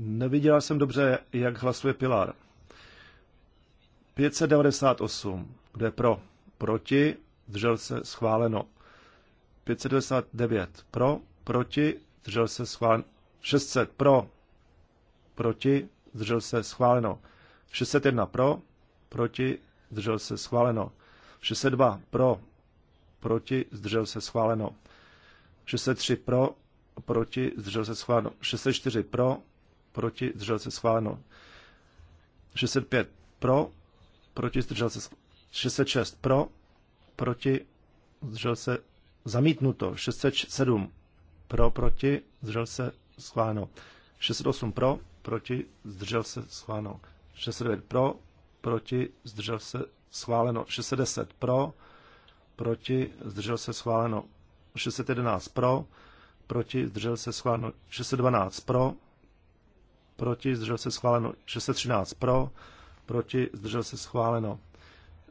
Neviděla jsem dobře, jak hlasuje Pilar. 598. Kdo je pro? Proti? Držel se schváleno. 599. Pro? Proti? Držel se schváleno. 600. Pro? Proti? Držel se schváleno. 601. Pro? Proti? Držel se schváleno. 602. Pro? Proti? Zdržel se schváleno. 603. Pro? Proti? Zdržel se schváleno. 604. Pro? proti, zdržel se schváleno. 65 pro, proti, zdržel se schváleno. 606 pro, proti, zdržel se zamítnuto. 607 pro, proti, zdržel se schváleno. 608 pro, proti, zdržel se schváleno. 609 pro, proti, zdržel se schváleno. 610 pro, proti, zdržel se schváleno. 611 pro, proti, zdržel se schváleno. 612 pro, proti, zdržel se schváleno 613 pro, proti, zdržel se schváleno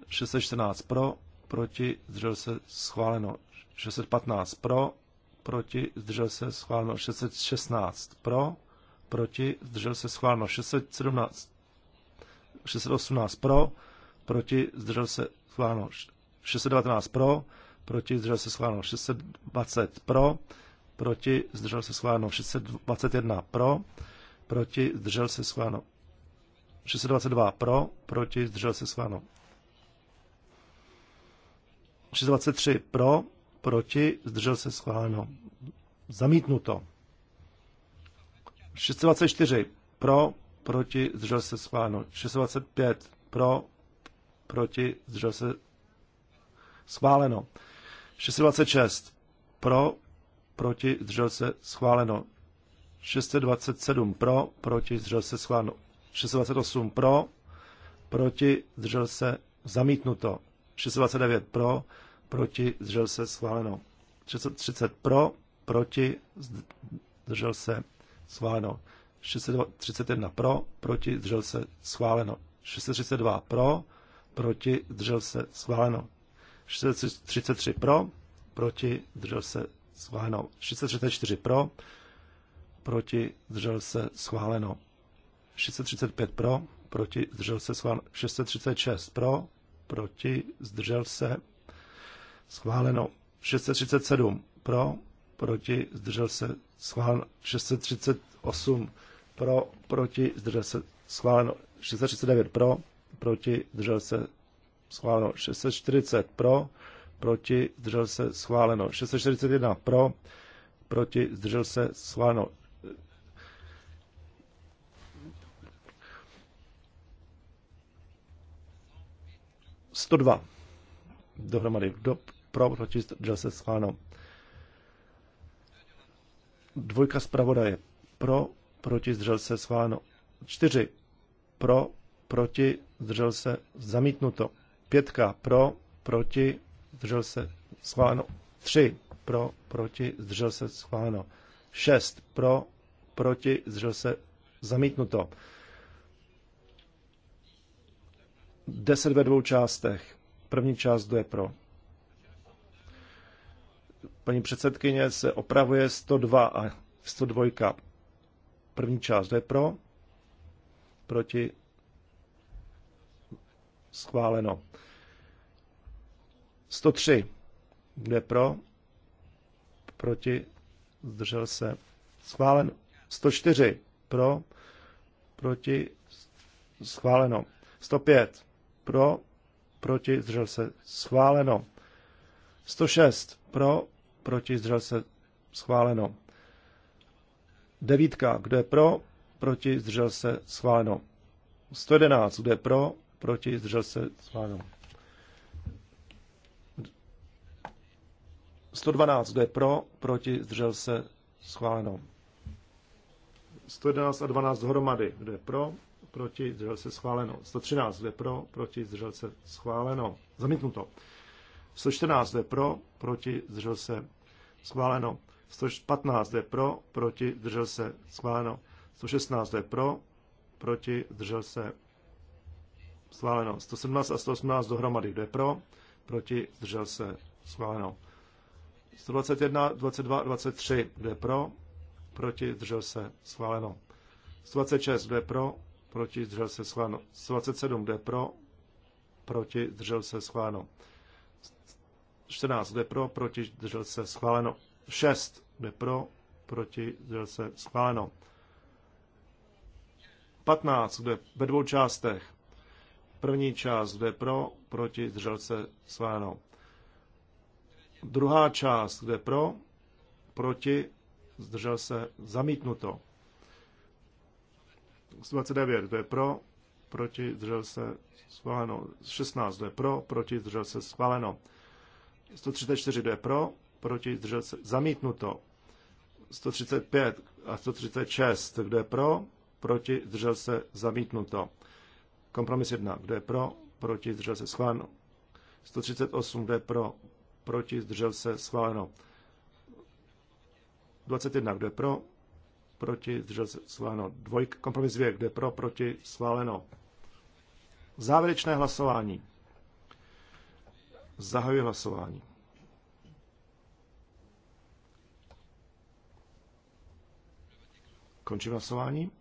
614 pro, proti, zdržel se schváleno 615 pro, proti, zdržel se schváleno 616 pro, proti, zdržel se schváleno 617, 618 pro, proti, zdržel se schváleno 619 pro, proti, zdržel se schváleno 620 pro, proti, zdržel se schváleno 621 pro, proti, zdržel se schváleno. 622 pro, proti, zdržel se schváleno. 623 pro, proti, zdržel se schváleno. Zamítnuto. 624 pro, proti, zdržel se schváleno. 625 pro, proti, zdržel se schváleno. 626 pro, proti, zdržel se schváleno. 627 pro, proti, zdržel se schváleno. 628 pro, proti, zdržel se zamítnuto. 629 pro, proti, zdržel se schváleno. 630 pro, proti, zdržel se schváleno. 631 pro, proti, zdržel se schváleno. 632 pro, proti, zdržel se schváleno. 633 pro, proti, zdržel se schváleno. 634 pro, proti, zdržel se, schváleno. 635 pro, proti, zdržel se, schváleno. 636 pro, proti, zdržel se, schváleno. 637 pro, proti, zdržel se, schváleno. 638 pro, proti, zdržel se, schváleno. 639 pro, proti, zdržel se, schváleno. 640 pro, proti, zdržel se, schváleno. 641 pro, proti, zdržel se, schváleno. 102 dohromady. Do, pro, proti, zdržel se schváleno. Dvojka zpravodaje. Pro, proti, zdržel se schváleno. 4 pro, proti, zdržel se zamítnuto. Pětka pro, proti, zdržel se schváleno. 3 pro, proti, zdržel se schváleno. 6 pro, proti, zdržel se zamítnuto. 10 ve dvou částech. První část, kdo je pro. Paní předsedkyně se opravuje 102 a 102. První část, kdo je pro. Proti. Schváleno. 103. Kdo je pro? Proti. Zdržel se. Schválen. 104. Pro. Proti. Schváleno. 105 pro, proti, zdržel se, schváleno. 106 pro, proti, zdržel se, schváleno. Devítka, kdo je pro, proti, zdržel se, schváleno. 111, kdo je pro, proti, zdržel se, schváleno. 112, kdo je pro, proti, zdržel se, schváleno. 111 a 12 dohromady, kdo je pro, proti, zdržel se schváleno. 113 jde pro, proti, zdržel se schváleno. Zamítnuto. 114 jde pro, proti, zdržel se schváleno. 115 jde pro, proti, zdržel se schváleno. 116 jde pro, proti, zdržel se schváleno. 117 a 118 dohromady jde pro, proti, zdržel se schváleno. 121, 22, 23 jde pro, proti, zdržel se schváleno. 126 jde pro, proti, zdržel se schváleno. 27 jde pro, proti, zdržel se schváleno. 14 jde pro, proti, zdržel se schváleno. 6 jde pro, proti, zdržel se schváleno. 15 jde ve dvou částech. První část jde pro, proti, zdržel se schváleno. Druhá část jde pro, proti, zdržel se zamítnuto. 29, to je pro, proti, držel se, schváleno. 16, to je pro, proti, držel se, schváleno. 134, to je pro, proti, držel se, zamítnuto. 135 a 136, kdo je pro, proti, držel se, zamítnuto. Kompromis 1, kdo je pro, proti, držel se, schváleno. 138, kdo je pro, proti, zdržel se, schváleno. 21, kdo je pro, proti, zdržel se schváleno. Dvojka, kompromis dvě, kde pro, proti, schváleno. Závěrečné hlasování. Zahajuji hlasování. Končím hlasování.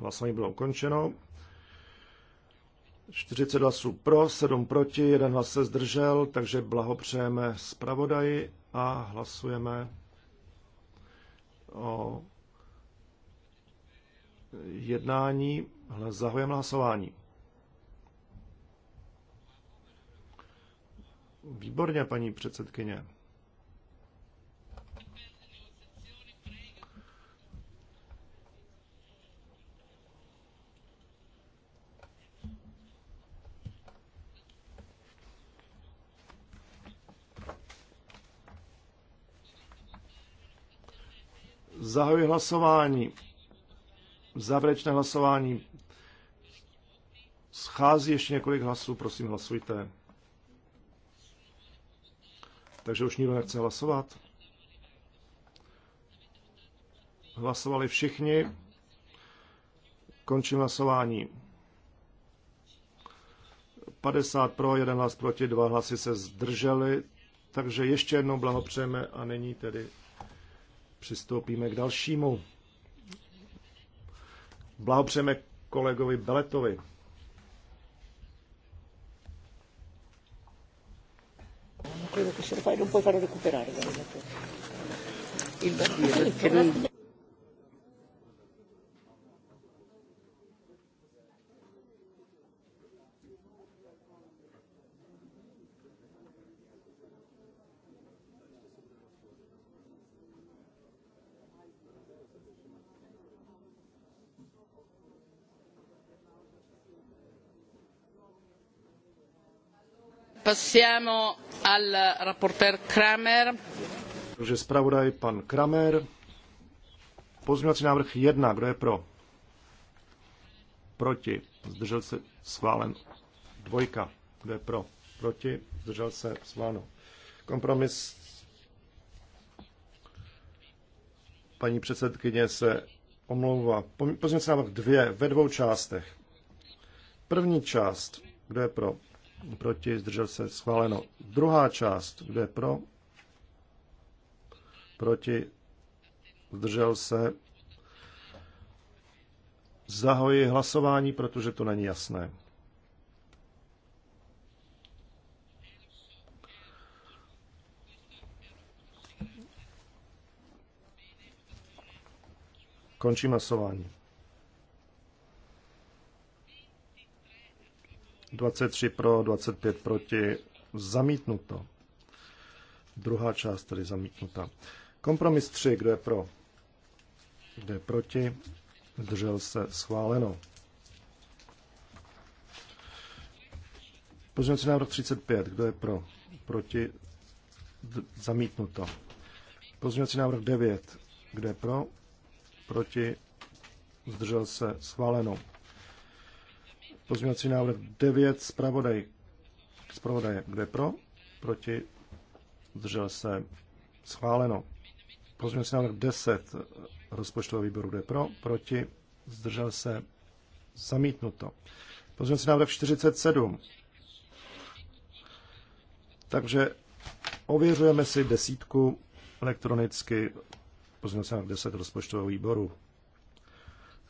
Hlasování bylo ukončeno. 40 hlasů pro, 7 proti, jeden hlas se zdržel, takže blahopřejeme zpravodaji a hlasujeme o jednání. Zahujeme hlasování. Výborně, paní předsedkyně. Zahajuji hlasování. Závěrečné hlasování. Schází ještě několik hlasů, prosím hlasujte. Takže už nikdo nechce hlasovat. Hlasovali všichni. Končím hlasování. 50 pro, 1 hlas proti, 2 hlasy se zdrželi. Takže ještě jednou blahopřejeme a nyní tedy přistoupíme k dalšímu. Blahopřejeme kolegovi Beletovi. credo che se lo fai non puoi farlo recuperare. Kramer. Takže zpravodaj pan Kramer. Pozměňovací návrh 1. Kdo je pro? Proti. Zdržel se schválen. Dvojka. Kdo je pro? Proti. Zdržel se schváleno. Kompromis paní předsedkyně se omlouvá. Pozměňovací návrh dvě ve dvou částech. První část. Kdo je pro? proti, zdržel se, schváleno. Druhá část, kde pro, proti, zdržel se. Zahoji hlasování, protože to není jasné. Končím hlasování. 23 pro, 25 proti, zamítnuto. Druhá část tedy zamítnuta. Kompromis 3, kdo je pro? Kdo je proti? Držel se schváleno. Pozměňovací návrh 35, kdo je pro? Proti? zamítnuto. Pozměňovací návrh 9, kdo je pro? Proti? Zdržel se schváleno. Pozměňovací návrh 9, zpravodaj, zpravodaje, kde pro, proti, zdržel se, schváleno. Pozměňovací návrh 10, rozpočtového výboru, kde pro, proti, zdržel se, zamítnuto. Pozměňovací návrh 47. Takže ověřujeme si desítku elektronicky pozměňovací návrh 10 rozpočtového výboru.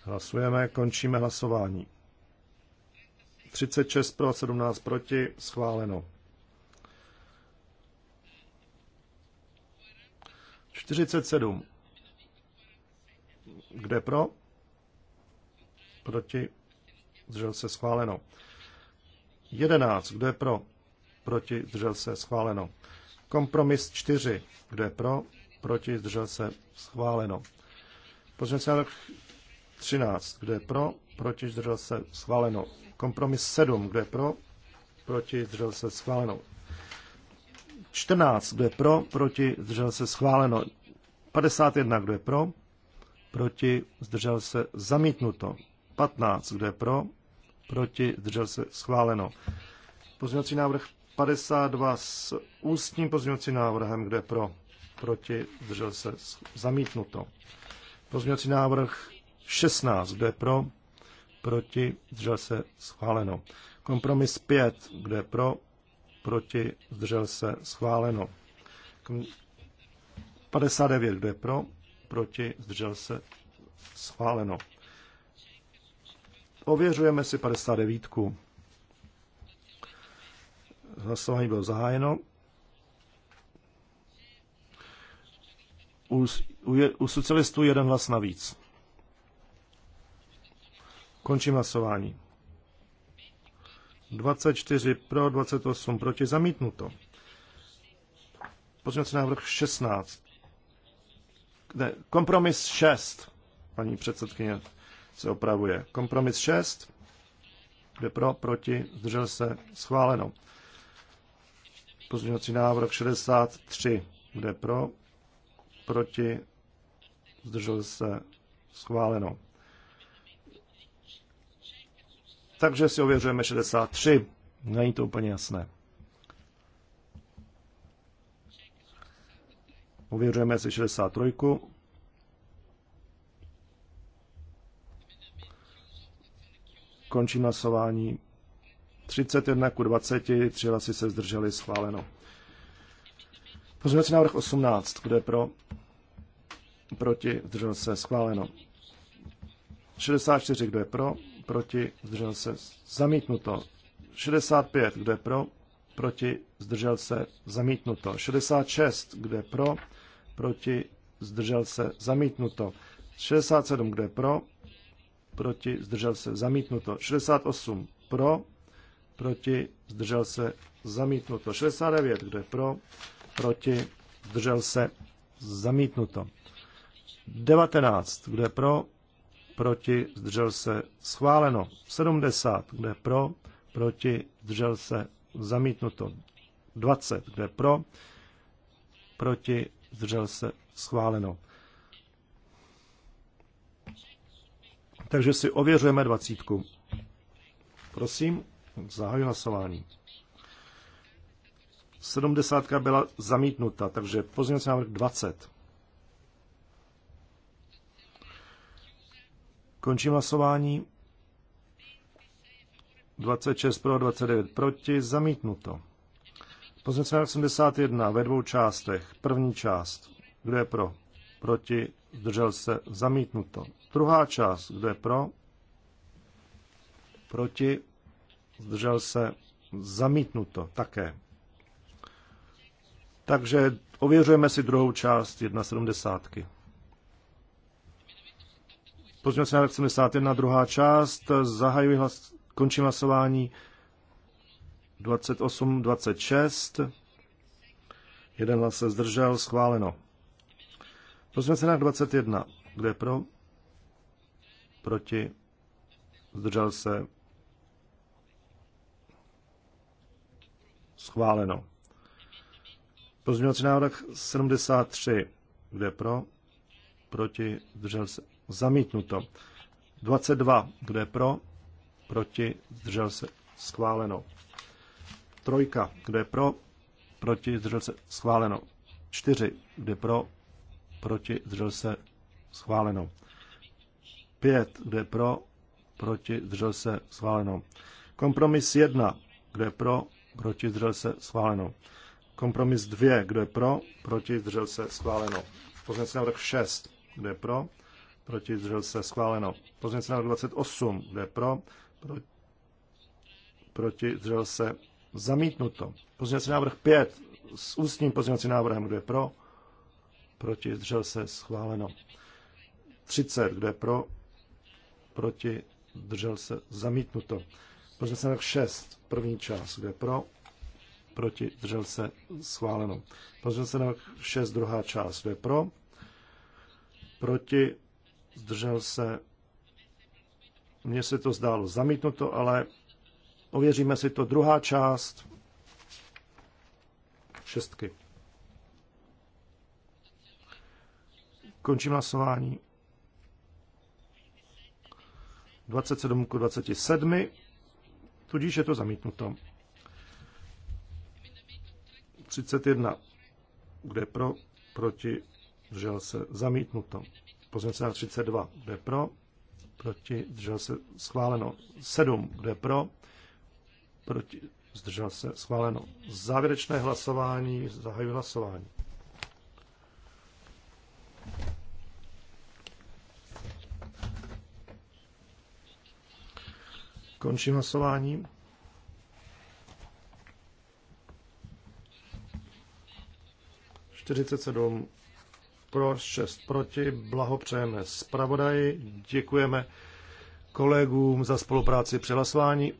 Hlasujeme, končíme hlasování. 36 pro, 17 proti, schváleno. 47. Kde pro? Proti. Zdržel se schváleno. 11. Kdo je pro? Proti. Zdržel se schváleno. Kompromis 4. Kdo je pro? Proti. Zdržel se schváleno. Pozměňovací návrh 13. Kdo je pro? Proti. Zdržel se schváleno. Kompromis 7, kdo je pro, proti, zdržel se schváleno. 14, kdo je pro, proti, zdržel se schváleno. 51, kdo je pro, proti, zdržel se zamítnuto. 15, kdo je pro, proti, zdržel se schváleno. Pozměňovací návrh 52 s ústním pozměňovacím návrhem, Kdo je pro, proti, zdržel se zamítnuto. Pozměňovací návrh 16, Kdo je pro, proti, zdržel se, schváleno. Kompromis 5, kde je pro, proti, zdržel se, schváleno. 59, kde je pro, proti, zdržel se, schváleno. Ověřujeme si 59. Hlasování bylo zahájeno. U, u, u socialistů jeden hlas navíc. Končím hlasování. 24 pro, 28 proti, zamítnuto. Pozměňovací návrh 16. Ne, kompromis 6. Paní předsedkyně se opravuje. Kompromis 6. Kde pro, proti, zdržel se, schváleno. Pozměňovací návrh 63. Kde pro, proti, zdržel se, schváleno. Takže si ověřujeme 63. Není to úplně jasné. Ověřujeme si 63. Končím hlasování. 31 ku 20, 3 hlasy se zdrželi, schváleno. Pozměňovací návrh 18, kde pro, proti, zdržel se, schváleno. 64, kdo je pro, proti, zdržel se, zamítnuto. 65, kde pro, proti, zdržel se, zamítnuto. 66, kde pro, proti, zdržel se, zamítnuto. 67, kde pro, proti, zdržel se, zamítnuto. 68, pro, proti, zdržel se, zamítnuto. 69, kde pro, proti, zdržel se, zamítnuto. 19, kde pro, proti, zdržel se, schváleno. 70, kde pro, proti, zdržel se, zamítnuto. 20, kde pro, proti, zdržel se, schváleno. Takže si ověřujeme dvacítku. Prosím, zahaj hlasování. 70 byla zamítnuta, takže pozměňovací návrh 20. Končím hlasování. 26 pro, 29 proti, zamítnuto. Pozměnce 81 ve dvou částech. První část, kdo je pro, proti, zdržel se, zamítnuto. Druhá část, kdo je pro, proti, zdržel se, zamítnuto také. Takže ověřujeme si druhou část 1.70 se návrh 71, druhá část. Zahajuji hlas, končím hlasování 28, 26. Jeden hlas se zdržel, schváleno. se návrh 21, kde je pro? Proti? Zdržel se? Schváleno. Pozměňovací návrh 73, kde je pro? Proti? Zdržel se? Zamítnuto. 22. Kdo je pro? Proti? Zdržel se? Schváleno. Trojka. Kdo je pro? Proti? Zdržel se? Schváleno. 4. Kdo je pro? Proti? Zdržel se? Schváleno. 5. Kdo je pro? Proti? Zdržel se? Schváleno. Kompromis 1. Kdo je pro? Proti? Zdržel se? Schváleno. Kompromis 2. Kdo je pro? Proti? Zdržel se? Schváleno. Pozměnce návrh 6. Kdo je pro? proti, zdržel se, schváleno. Pozměňovací návrh 28, kde pro, pro proti, zdržel se, zamítnuto. Pozměňovací návrh 5 s ústním pozměňovacím návrhem, kde pro, proti, zdržel se, schváleno. 30, kde pro, proti, zdržel se, zamítnuto. Pozměňovací návrh 6, první část, kde pro, proti, zdržel se, schváleno. Pozměňovací návrh 6, druhá část, kde pro, proti, zdržel se. Mně se to zdálo zamítnuto, ale ověříme si to druhá část šestky. Končím hlasování. 27 k 27, tudíž je to zamítnuto. 31, kde pro, proti, žel se, zamítnuto. Pozměňovací 32, kdo je pro? Proti, zdržel se, schváleno. 7, kdo je pro? Proti, zdržel se, schváleno. Závěrečné hlasování, zahajuji hlasování. Končím hlasování. Čtyřicet sedm pro, 6 proti. Blahopřejeme zpravodaji, děkujeme kolegům za spolupráci při hlasování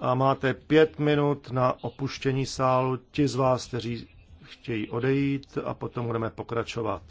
a máte pět minut na opuštění sálu, ti z vás, kteří chtějí odejít a potom budeme pokračovat.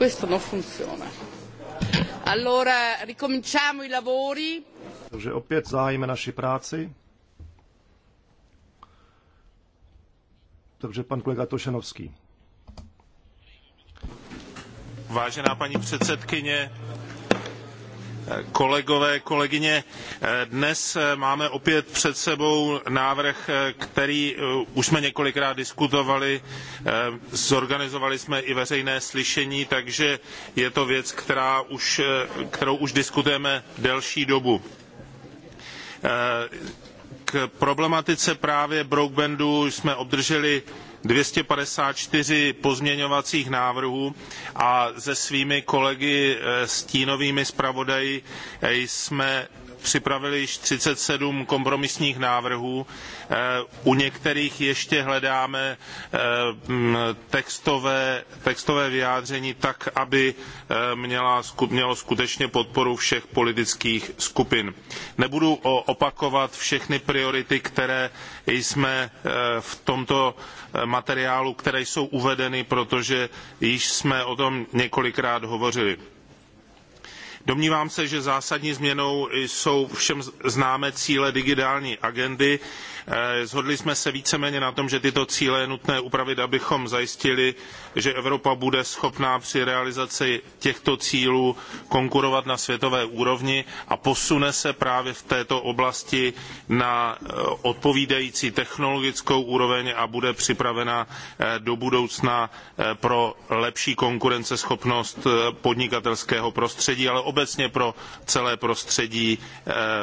Questo non funziona. Allora, ricominciamo i lavori. Takže opět zahájíme naši práci. Takže pan kolega Tošenovský. Vážená paní předsedkyně, kolegyně, dnes máme opět před sebou návrh, který eh, už jsme několikrát diskutovali, eh, zorganizovali jsme i veřejné slyšení, takže je to věc, která už, eh, kterou už diskutujeme delší dobu k problematice právě broadbandu jsme obdrželi two hundred and fifty four pozměňovacích návrhů a se svými kolegy eh, stínovými zpravodaji eh, jsme připravili již thirty seven kompromisních návrhů eh, u některých ještě hledáme textové, textové vyjádření tak aby měla, mělo skutečně podporu všech politických skupin. nebudu opakovat všechny priority které jsme v tomto materiálů, které jsou uvedeny, protože již jsme o tom několikrát hovořili. Domnívám se, že zásadní změnou jsou všem známé cíle digitální agendy, Zhodli eh, jsme se víceméně na tom, že tyto cíle je nutné upravit, abychom zajistili, že Evropa bude schopná při realizaci těchto cílů konkurovat na světové úrovni a posune se právě v této oblasti na eh, odpovídající technologickou úroveň a bude připravena eh, do budoucna pro lepší konkurenceschopnost podnikatelského prostředí, ale obecně pro celé prostředí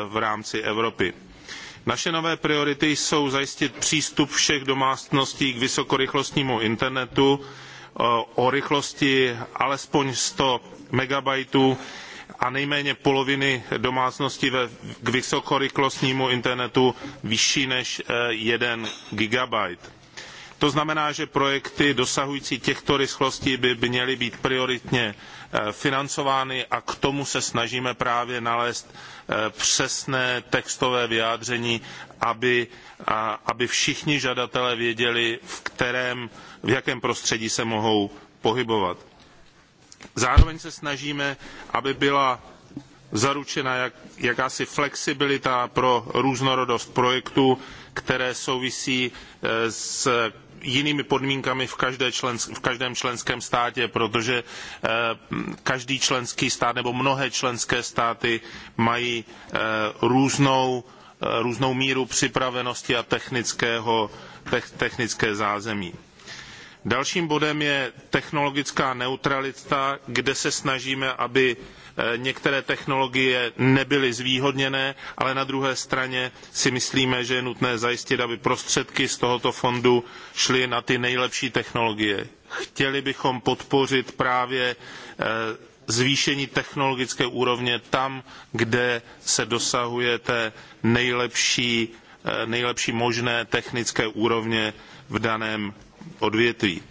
v rámci Evropy. Naše nové priority jsou zajistit přístup všech domácností k vysokorychlostnímu internetu eh, o rychlosti alespoň 100 megabajtů a nejméně poloviny domácností k vysokorychlostnímu internetu vyšší než 1 eh, gigabyte to znamená, že projekty dosahující těchto rychlostí by měly být prioritně eh, financovány a k tomu se snažíme právě nalézt eh, přesné textové vyjádření, aby, aby všichni žadatelé věděli, v, kterém, v jakém prostředí se mohou pohybovat. Zároveň se snažíme, aby byla zaručena jak, jakási flexibilita pro různorodost projektů, které souvisí eh, s jinými podmínkami v, v, každém členském státě, protože eh, každý členský stát nebo mnohé členské státy mají eh, různou, eh, různou míru připravenosti a technického, technické zázemí. Dalším bodem je technologická neutralita, kde se snažíme, aby Eh, některé technologie nebyly zvýhodněné, ale na druhé straně si myslíme, že je nutné zajistit, aby prostředky z tohoto fondu šly na ty nejlepší technologie. Chtěli bychom podpořit právě eh, zvýšení technologické úrovně tam, kde se dosahuje té nejlepší, eh, nejlepší možné technické úrovně v daném odvětví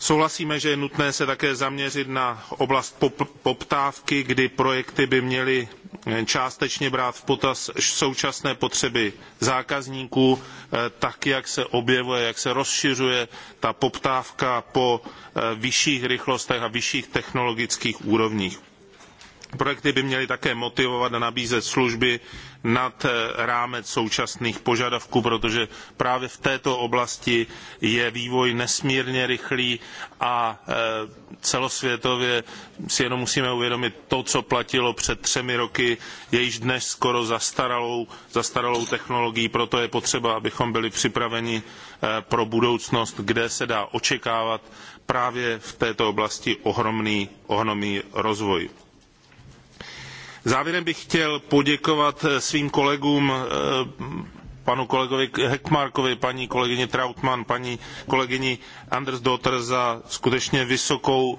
Souhlasíme, že je nutné se také zaměřit na oblast poptávky, kdy projekty by měly eh, částečně brát v potaz současné potřeby zákazníků, eh, tak jak se objevuje, jak se rozšiřuje ta poptávka po eh, vyšších rychlostech a vyšších technologických úrovních Projekty by měly také motivovat a nabízet služby nad eh, rámec současných požadavků, protože právě v této oblasti je vývoj nesmírně rychlý a eh, celosvětově si jenom musíme uvědomit to, co platilo před třemi roky, je již dnes skoro zastaralou, zastaralou technologií, proto je potřeba, abychom byli připraveni eh, pro budoucnost, kde se dá očekávat právě v této oblasti ohromný, ohromný rozvoj závěrem bych chtěl poděkovat eh, svým kolegům eh, panu kolegovi hkmarkovi paní kolegyni Trautmann, paní kolegyni Andersdotter za skutečně vysokou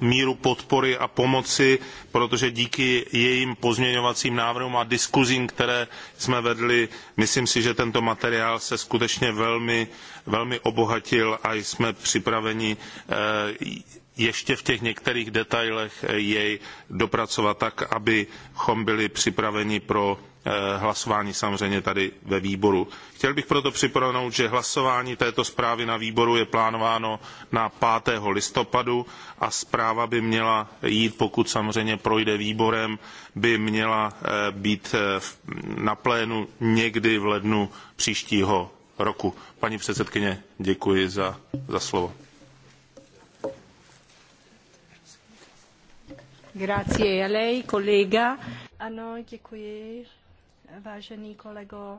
míru podpory a pomoci, protože díky jejím pozměňovacím návrhům a diskuzím, které jsme vedli, myslím si, že tento materiál se skutečně velmi, velmi obohatil a jsme připraveni eh, ještě v těch některých detailech eh, jej dopracovat tak, abychom byli připraveni pro eh, hlasování samozřejmě tady ve výboru. Chtěl bych proto připomenout, že hlasování této zprávy na výboru je plánováno na 5. listopadu a zpráva by měla jít, pokud samozřejmě projde výborem, by měla eh, být na plénu někdy v lednu příštího roku. Paní předsedkyně, děkuji za, za slovo. Grazie vážený kolego.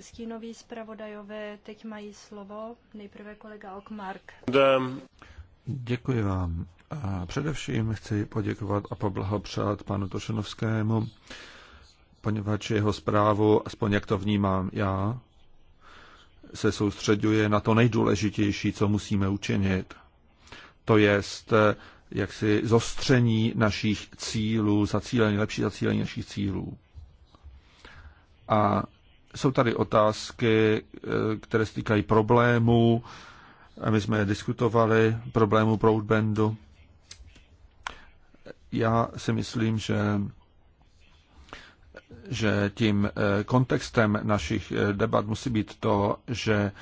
Stínoví zpravodajové teď mají slovo. Nejprve kolega Okmark. Děkuji vám. A především chci poděkovat a poblahopřát panu Tošenovskému, poněvadž jeho zprávu, aspoň jak to vnímám já, se soustředuje na to nejdůležitější, co musíme učinit. To jest jaksi zostření našich cílů, zacílení, lepší zacílení našich cílů. A jsou tady otázky, eh, které se týkají problémů, my jsme je diskutovali, problémů broadbandu. Já si myslím, že že tím eh, kontextem našich eh, debat musí být to, že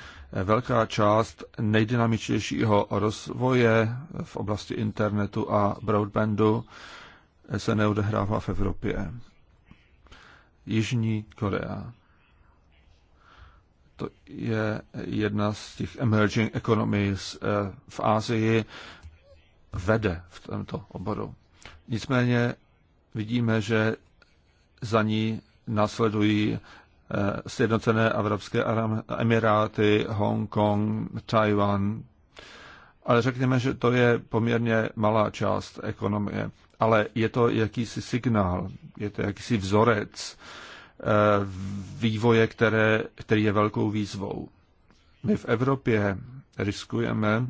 velká část nejdynamičtějšího rozvoje v oblasti internetu a broadbandu se neodehrává v Evropě. Jižní Korea. To je jedna z těch emerging economies eh, v Asii, vede v tomto oboru. Nicméně vidíme, že za ní následují Eh, Sjednocené Evropské Emiráty, Hongkong, Tajvan. Ale řekněme, že to je poměrně malá část ekonomie. Ale je to jakýsi signál, je to jakýsi vzorec eh, vývoje, které, který je velkou výzvou. My v Evropě riskujeme,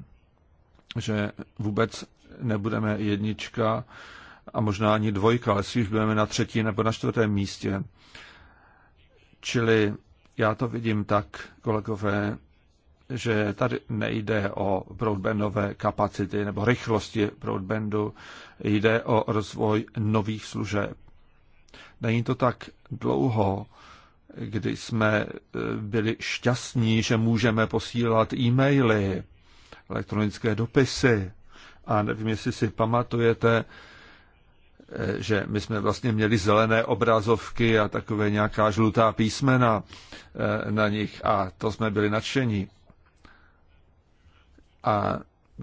že vůbec nebudeme jednička a možná ani dvojka, ale už budeme na třetí nebo na čtvrtém místě. Čili já to vidím tak, kolegové, že tady nejde o broadbandové kapacity nebo rychlosti broadbandu, jde o rozvoj nových služeb. Není to tak dlouho, kdy jsme e, byli šťastní, že můžeme posílat e-maily, elektronické dopisy. A nevím, jestli si pamatujete, že my jsme vlastně měli zelené obrazovky a takové nějaká žlutá písmena eh, na nich a to jsme byli nadšení. A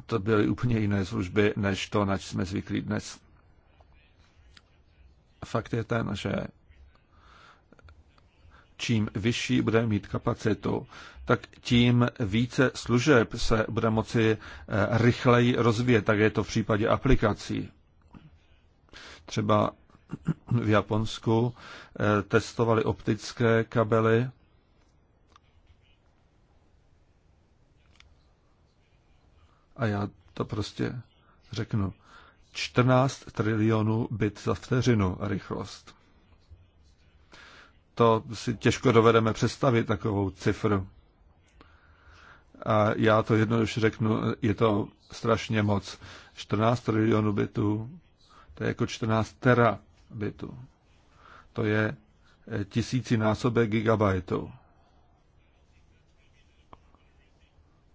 to byly úplně jiné služby, než to, nač jsme zvyklí dnes. Fakt je ten, že čím vyšší bude mít kapacitu, tak tím více služeb se bude moci eh, rychleji rozvíjet, tak je to v případě aplikací. Třeba v Japonsku eh, testovali optické kabely a já to prostě řeknu. 14 trilionů bit za vteřinu rychlost. To si těžko dovedeme představit takovou cifru. A já to jednoduše řeknu, je to strašně moc. 14 trilionů bitů to je jako 14 terabitů. To je eh, násobek gigabajtů.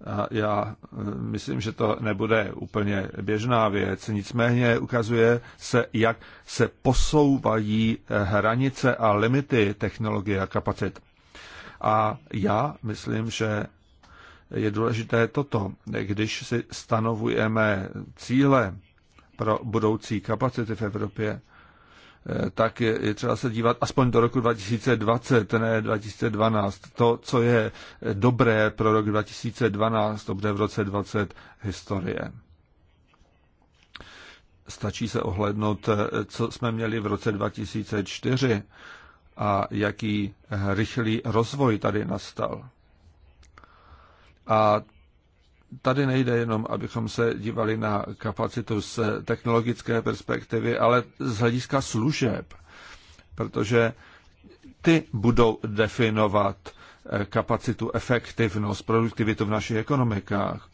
A já eh, myslím, že to nebude úplně běžná věc, nicméně ukazuje se, jak se posouvají eh, hranice a limity technologie a kapacit. A já myslím, že je důležité toto. Když si stanovujeme cíle, pro budoucí kapacity v Evropě, eh, tak je, třeba se dívat aspoň do roku 2020, ne 2012. To, co je eh, dobré pro rok 2012, to bude v roce 20 historie. Stačí se ohlednout, eh, co jsme měli v roce 2004 a jaký rychlý rozvoj tady nastal. A tady nejde jenom, abychom se dívali na kapacitu z technologické perspektivy, ale z hlediska služeb, protože ty budou definovat eh, kapacitu, efektivnost, produktivitu v našich ekonomikách.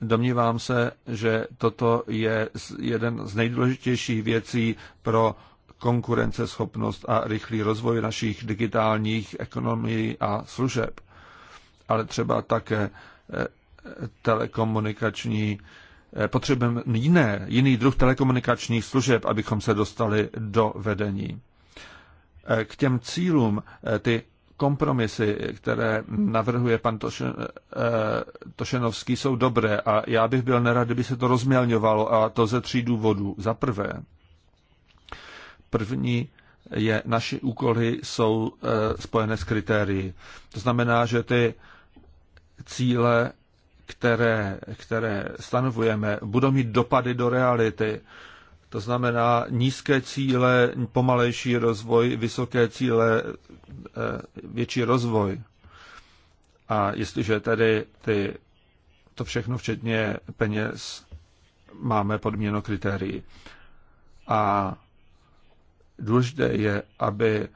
Domnívám se, že toto je jeden z nejdůležitějších věcí pro konkurenceschopnost a rychlý rozvoj našich digitálních ekonomií a služeb. Ale třeba také telekomunikační, eh, potřebujeme jiné, jiný druh telekomunikačních služeb, abychom se dostali do vedení. Eh, k těm cílům eh, ty kompromisy, které navrhuje pan Tošen, Tošenovský, jsou dobré a já bych byl nerad, kdyby se to rozmělňovalo a to ze tří důvodů. Za prvé, první je, naše úkoly jsou spojené s kritérii. To znamená, že ty cíle, které, které stanovujeme, budou mít dopady do reality. To znamená nízké cíle, pomalejší rozvoj, vysoké cíle, eh, větší rozvoj. A jestliže tedy ty, to všechno, včetně peněz, máme podměno kritérií. A důležité je, aby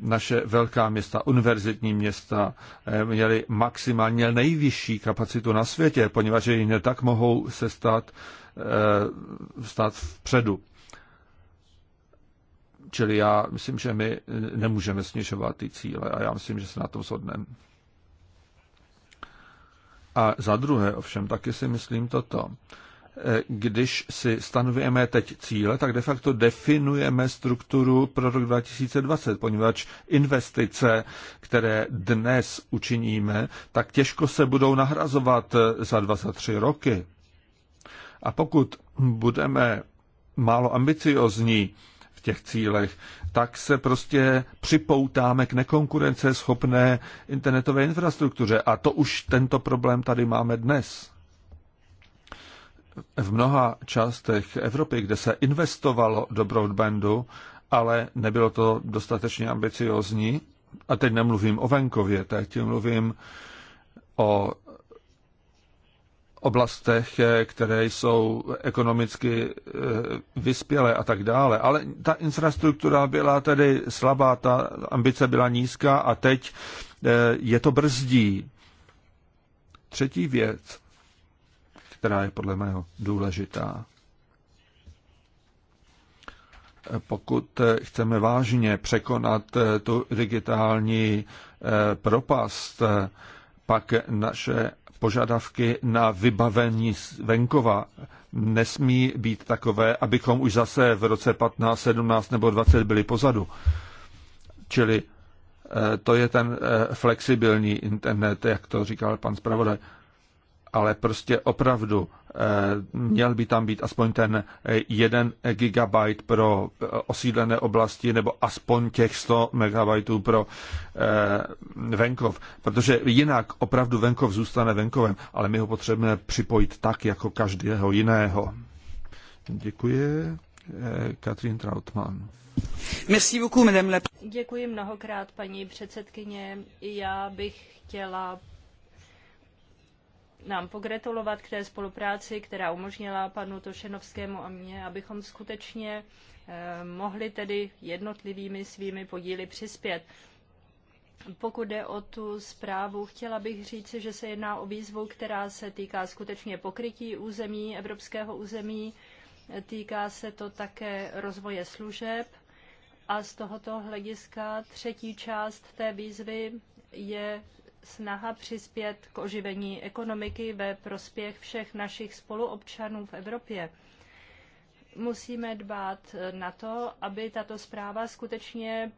naše velká města, univerzitní města, eh, měly maximálně nejvyšší kapacitu na světě, poněvadž jině tak mohou se stát, eh, stát vpředu. Čili já myslím, že my nemůžeme snižovat ty cíle a já myslím, že se na tom shodneme. A za druhé ovšem taky si myslím toto když si stanovujeme teď cíle, tak de facto definujeme strukturu pro rok 2020, poněvadž investice, které dnes učiníme, tak těžko se budou nahrazovat za 23 roky. A pokud budeme málo ambiciozní v těch cílech, tak se prostě připoutáme k nekonkurenceschopné internetové infrastruktuře. A to už tento problém tady máme dnes v mnoha částech Evropy, kde se investovalo do broadbandu, ale nebylo to dostatečně ambiciozní. A teď nemluvím o venkově, teď mluvím o oblastech, které jsou ekonomicky eh, vyspělé a tak dále. Ale ta infrastruktura byla tedy slabá, ta ambice byla nízká a teď eh, je to brzdí. Třetí věc která je podle mého důležitá. Pokud chceme vážně překonat tu digitální eh, propast, pak naše požadavky na vybavení venkova nesmí být takové, abychom už zase v roce 15, 17 nebo 20 byli pozadu. Čili eh, to je ten eh, flexibilní internet, jak to říkal pan zpravodaj ale prostě opravdu eh, měl by tam být aspoň ten eh, jeden gigabyte pro eh, osídlené oblasti nebo aspoň těch 100 megabajtů pro venkov, protože jinak opravdu venkov zůstane venkovem, ale my ho potřebujeme připojit tak, jako každého jiného. Děkuji. Katrin Trautmann. Děkuji mnohokrát, paní předsedkyně. Já bych chtěla nám pogratulovat k té spolupráci, která umožnila panu Tošenovskému a mně, abychom skutečně eh, mohli tedy jednotlivými svými podíly přispět. Pokud jde o tu zprávu, chtěla bych říct, že se jedná o výzvu, která se týká skutečně pokrytí území, evropského území. Týká se to také rozvoje služeb a z tohoto hlediska třetí část té výzvy je snaha přispět k oživení ekonomiky ve prospěch všech našich spoluobčanů v Evropě. Musíme dbát eh, na to, aby tato zpráva skutečně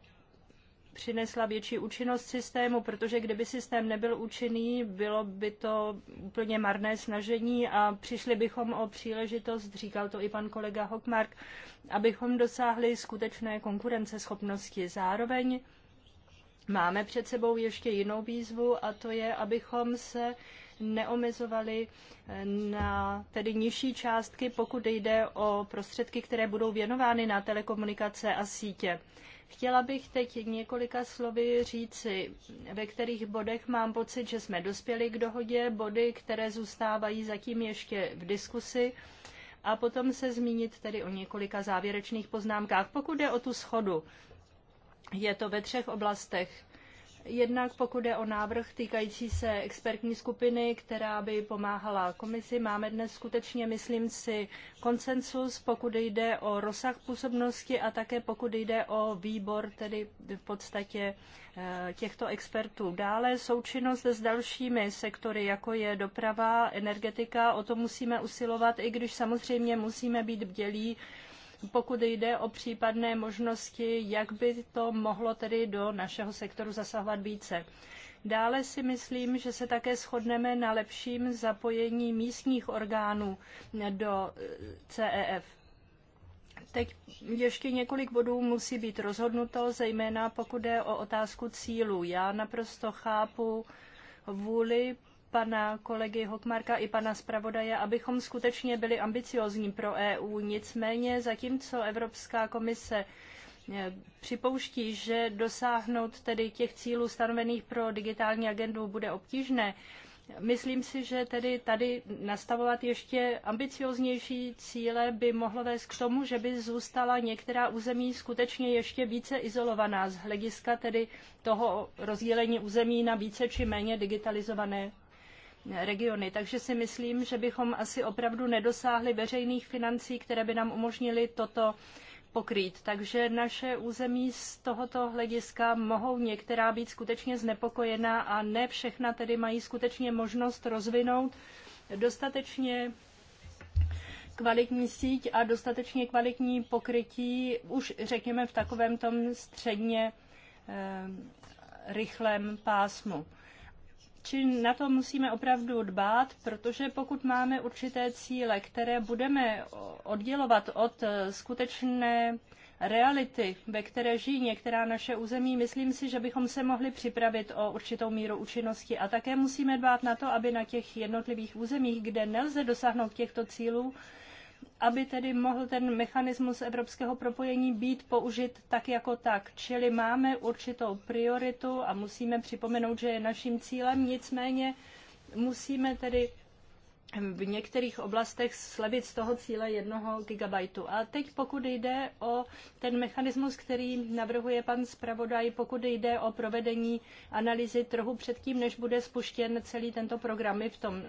přinesla větší účinnost systému, protože kdyby systém nebyl účinný, bylo by to úplně marné snažení a přišli bychom o příležitost, říkal to i pan kolega Hockmark, abychom dosáhli skutečné konkurenceschopnosti. Zároveň Máme před sebou ještě jinou výzvu a to je, abychom se neomezovali eh, na tedy nižší částky, pokud jde o prostředky, které budou věnovány na telekomunikace a sítě. Chtěla bych teď několika slovy říci, ve kterých bodech mám pocit, že jsme dospěli k dohodě, body, které zůstávají zatím ještě v diskusi a potom se zmínit tedy o několika závěrečných poznámkách. Pokud jde o tu schodu, je to ve třech oblastech. Jednak pokud je o návrh týkající se expertní skupiny, která by pomáhala komisi, máme dnes skutečně, myslím si, konsensus, pokud jde o rozsah působnosti a také pokud jde o výbor, tedy v podstatě eh, těchto expertů. Dále součinnost s dalšími sektory, jako je doprava, energetika, o to musíme usilovat, i když samozřejmě musíme být bdělí, pokud jde o případné možnosti, jak by to mohlo tedy do našeho sektoru zasahovat více. Dále si myslím, že se také shodneme na lepším zapojení místních orgánů do eh, CEF. Teď ještě několik bodů musí být rozhodnuto, zejména pokud jde o otázku cílů. Já naprosto chápu vůli pana kolegy Hokmarka i pana zpravodaje, abychom skutečně byli ambiciozní pro EU. Nicméně, zatímco Evropská komise eh, připouští, že dosáhnout tedy těch cílů stanovených pro digitální agendu bude obtížné, Myslím si, že tedy tady nastavovat ještě ambicioznější cíle by mohlo vést k tomu, že by zůstala některá území skutečně ještě více izolovaná z hlediska tedy toho rozdělení území na více či méně digitalizované regiony. Takže si myslím, že bychom asi opravdu nedosáhli veřejných financí, které by nám umožnily toto pokrýt. Takže naše území z tohoto hlediska mohou některá být skutečně znepokojená a ne všechna tedy mají skutečně možnost rozvinout dostatečně kvalitní síť a dostatečně kvalitní pokrytí už řekněme v takovém tom středně eh, rychlém pásmu. Či na to musíme opravdu dbát, protože pokud máme určité cíle, které budeme oddělovat od eh, skutečné reality, ve které žijí některá naše území, myslím si, že bychom se mohli připravit o určitou míru účinnosti. A také musíme dbát na to, aby na těch jednotlivých územích, kde nelze dosáhnout těchto cílů, aby tedy mohl ten mechanismus evropského propojení být použit tak jako tak. Čili máme určitou prioritu a musíme připomenout, že je naším cílem, nicméně musíme tedy v některých oblastech slevit z toho cíle jednoho gigabajtu. A teď pokud jde o ten mechanismus, který navrhuje pan zpravodaj, pokud jde o provedení analýzy trhu předtím, než bude spuštěn celý tento program, my v tom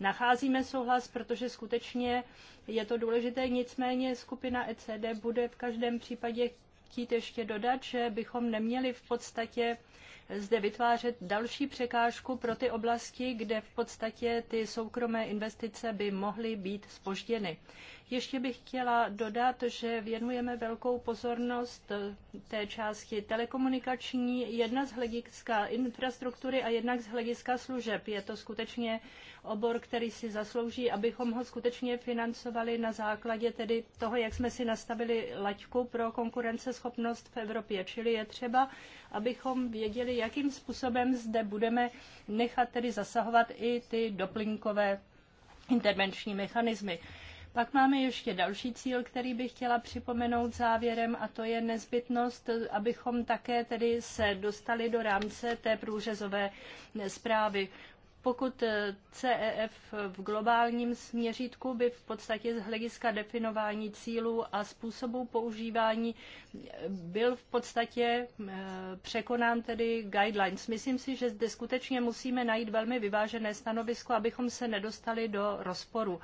nacházíme souhlas, protože skutečně je to důležité. Nicméně skupina ECD bude v každém případě chtít ještě dodat, že bychom neměli v podstatě zde vytvářet další překážku pro ty oblasti, kde v podstatě ty soukromé investice by mohly být spožděny. Ještě bych chtěla dodat, že věnujeme velkou pozornost eh, té části telekomunikační, jedna z hlediska infrastruktury a jednak z hlediska služeb. Je to skutečně obor, který si zaslouží, abychom ho skutečně financovali na základě tedy toho, jak jsme si nastavili laťku pro konkurenceschopnost v Evropě. Čili je třeba, abychom věděli, jakým způsobem zde budeme nechat tedy zasahovat i ty doplňkové intervenční mechanismy. Pak máme ještě další cíl, který bych chtěla připomenout závěrem, a to je nezbytnost, abychom také tedy se dostali do rámce té průřezové zprávy pokud eh, CEF v globálním směřítku by v podstatě z hlediska definování cílů a způsobů používání eh, byl v podstatě eh, překonán tedy guidelines. Myslím si, že zde skutečně musíme najít velmi vyvážené stanovisko, abychom se nedostali do rozporu.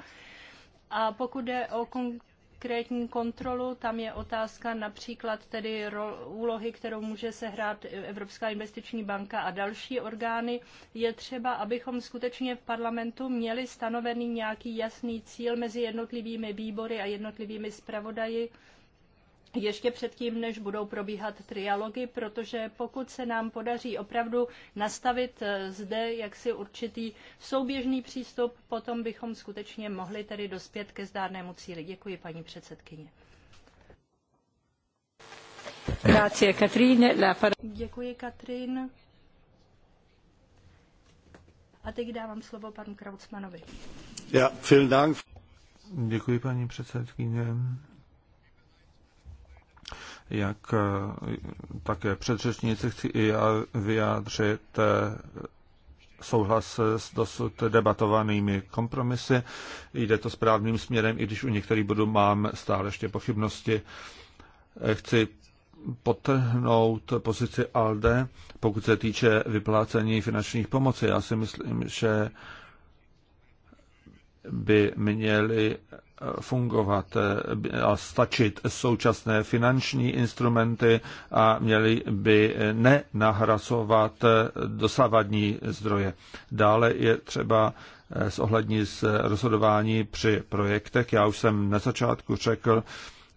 A pokud jde o konkrétní kontrolu, tam je otázka například tedy úlohy, kterou může sehrát Evropská investiční banka a další orgány. Je třeba, abychom skutečně v parlamentu měli stanovený nějaký jasný cíl mezi jednotlivými výbory a jednotlivými zpravodaji ještě předtím, než budou probíhat trialogy, protože pokud se nám podaří opravdu nastavit eh, zde jaksi určitý souběžný přístup, potom bychom skutečně mohli tedy dospět ke zdárnému cíli. Děkuji, paní předsedkyně. Grazie, Katrín. Děkuji, Katrin. A teď dávám slovo panu Krautsmanovi. Ja, vielen Dank. Děkuji, paní předsedkyně jak eh, také předřečníci chci i já vyjádřit eh, souhlas s dosud debatovanými kompromisy. Jde to správným směrem, i když u některých bodů mám stále ještě pochybnosti. Eh, chci potrhnout pozici ALDE, pokud se týče vyplácení finančních pomoci. Já si myslím, že by měly fungovat a stačit současné finanční instrumenty a měly by nenahrazovat dosavadní zdroje. Dále je třeba eh, z rozhodování při projektech. Já už jsem na začátku řekl,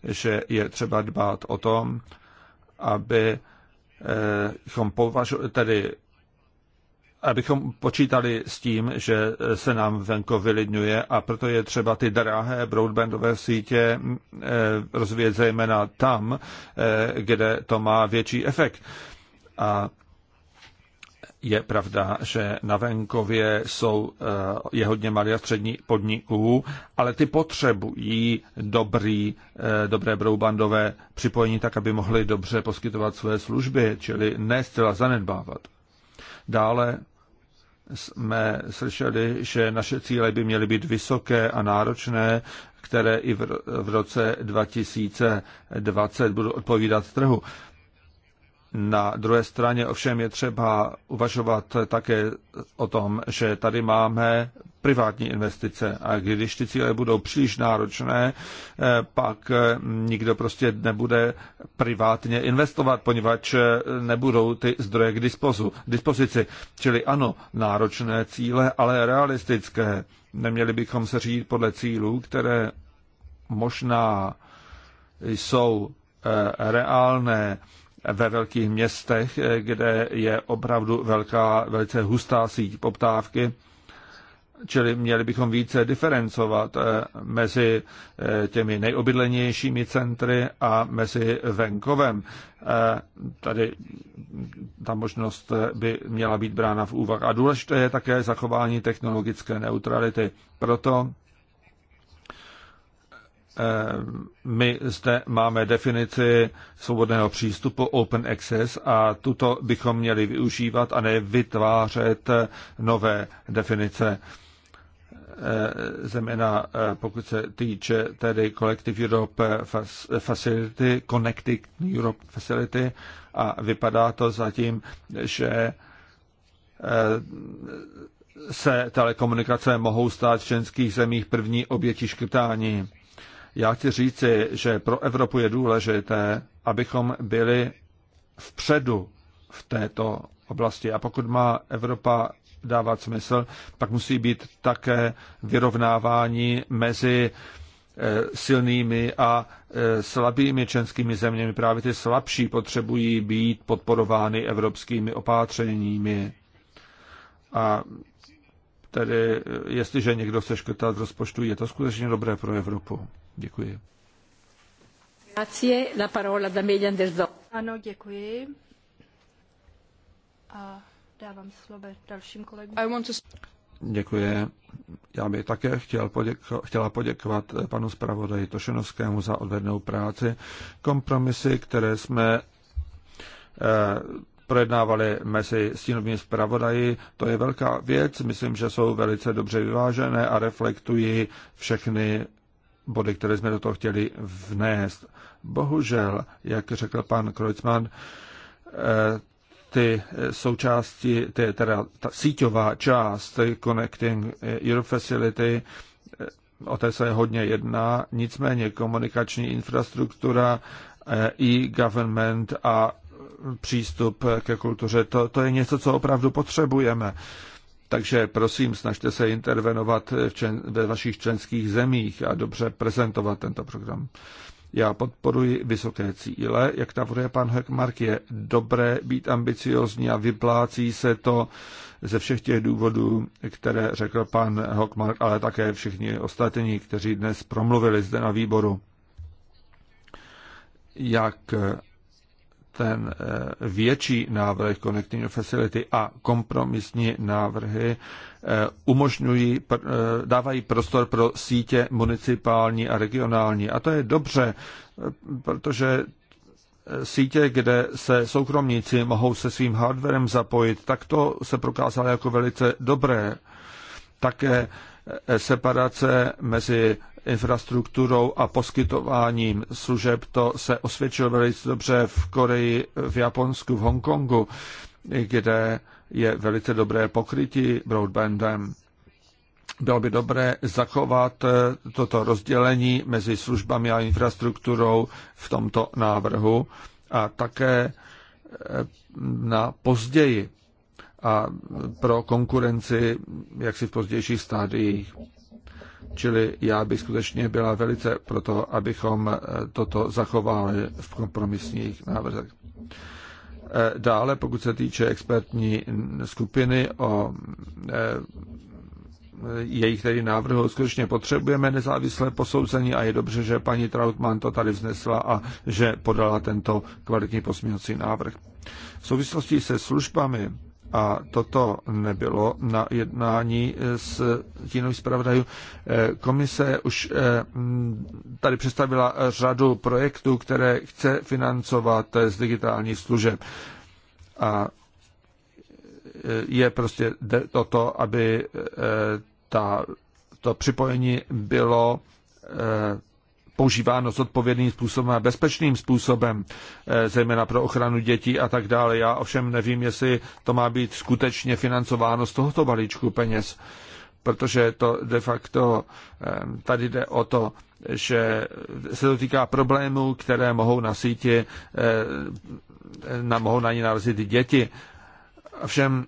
že je třeba dbát o tom, aby eh, tedy abychom počítali s tím, že eh, se nám venko vylidňuje a proto je třeba ty drahé broadbandové sítě eh, rozvíjet zejména tam, eh, kde to má větší efekt. A je pravda, že na venkově jsou, je hodně malých a střední podniků, ale ty potřebují dobrý, dobré broubandové připojení tak, aby mohli dobře poskytovat své služby, čili ne zcela zanedbávat. Dále jsme slyšeli, že naše cíle by měly být vysoké a náročné, které i v roce 2020 budou odpovídat trhu. Na druhé straně ovšem je třeba uvažovat také o tom, že tady máme privátní investice a když ty cíle budou příliš náročné, eh, pak eh, nikdo prostě nebude privátně investovat, poněvadž eh, nebudou ty zdroje k dispozu, dispozici. Čili ano, náročné cíle, ale realistické. Neměli bychom se řídit podle cílů, které možná jsou reálné, ve velkých městech, eh, kde je opravdu velká, velice hustá síť poptávky. Čili měli bychom více diferencovat eh, mezi eh, těmi nejobydlenějšími centry a mezi venkovem. Tady ta možnost by měla být brána v úvah. A důležité je také zachování technologické neutrality. Proto Ehm, my zde máme definici svobodného přístupu open access a tuto bychom měli využívat a ne vytvářet nové definice. Ehm, Zeměna, ehm, pokud se týče tedy Collective Europe Facility, Connected Europe Facility a vypadá to zatím, že se telekomunikace mohou stát v členských zemích první oběti škrtání já chci říci, že pro Evropu je důležité, abychom byli vpředu v této oblasti. A pokud má Evropa dávat smysl, pak musí být také vyrovnávání mezi eh, silnými a eh, slabými členskými zeměmi. Právě ty slabší potřebují být podporovány evropskými opatřeními. A tedy, eh, jestliže někdo chce škrtat v rozpočtu, je to skutečně dobré pro Evropu. Děkuji. Ano, děkuji. A dávám slovo dalším kolegům. to... Děkuji. Já bych také chtěl poděko, chtěla poděkovat panu zpravodaji Tošenovskému za odvednou práci. Kompromisy, které jsme eh, projednávali mezi stínovými zpravodaji, to je velká věc. Myslím, že jsou velice dobře vyvážené a reflektují všechny body, které jsme do toho chtěli vnést. Bohužel, jak řekl pan Kreutzmann, eh, ty součásti, ty, teda ta síťová část Connecting Europe Facility, eh, o té se hodně jedná, nicméně komunikační infrastruktura, eh, e-government a přístup ke kultuře, to, to je něco, co opravdu potřebujeme. Takže prosím, snažte se intervenovat v čen, ve vašich členských zemích a dobře prezentovat tento program. Já podporuji vysoké cíle, jak navrhuje pan Hekmark, je dobré být ambiciozní a vyplácí se to ze všech těch důvodů, které řekl pan Hokmark, ale také všichni ostatní, kteří dnes promluvili zde na výboru. Jak ten eh, větší návrh Connecting Facility a kompromisní návrhy eh, umožňují, eh, dávají prostor pro sítě municipální a regionální. A to je dobře, protože sítě, kde se soukromníci mohou se svým hardwarem zapojit, tak to se prokázalo jako velice dobré. Také separace mezi infrastrukturou a poskytováním služeb. To se osvědčilo velice dobře v Koreji, v Japonsku, v Hongkongu, kde je velice dobré pokrytí broadbandem. Bylo by dobré zachovat toto rozdělení mezi službami a infrastrukturou v tomto návrhu a také eh, na později a pro konkurenci jaksi v pozdějších stádiích. Čili já bych skutečně byla velice pro to, abychom eh, toto zachovali v kompromisních návrzech. Eh, dále, pokud se týče expertní skupiny o eh, jejich tedy návrhu skutečně potřebujeme nezávislé posouzení a je dobře, že paní Trautmann to tady vznesla a že podala tento kvalitní posměvací návrh. V souvislosti se službami a toto nebylo na jednání s tínovým zpravodajů. Eh, komise už eh, tady představila řadu projektů, které chce financovat eh, z digitálních služeb. A je prostě toto, aby ta, to připojení bylo používáno zodpovědným způsobem a bezpečným způsobem, eh, zejména pro ochranu dětí a tak dále. Já ovšem nevím, jestli to má být skutečně financováno z tohoto balíčku peněz, protože to de facto eh, tady jde o to, že se to týká problémů, které mohou na síti, eh, na, mohou na ní narazit i děti. Všem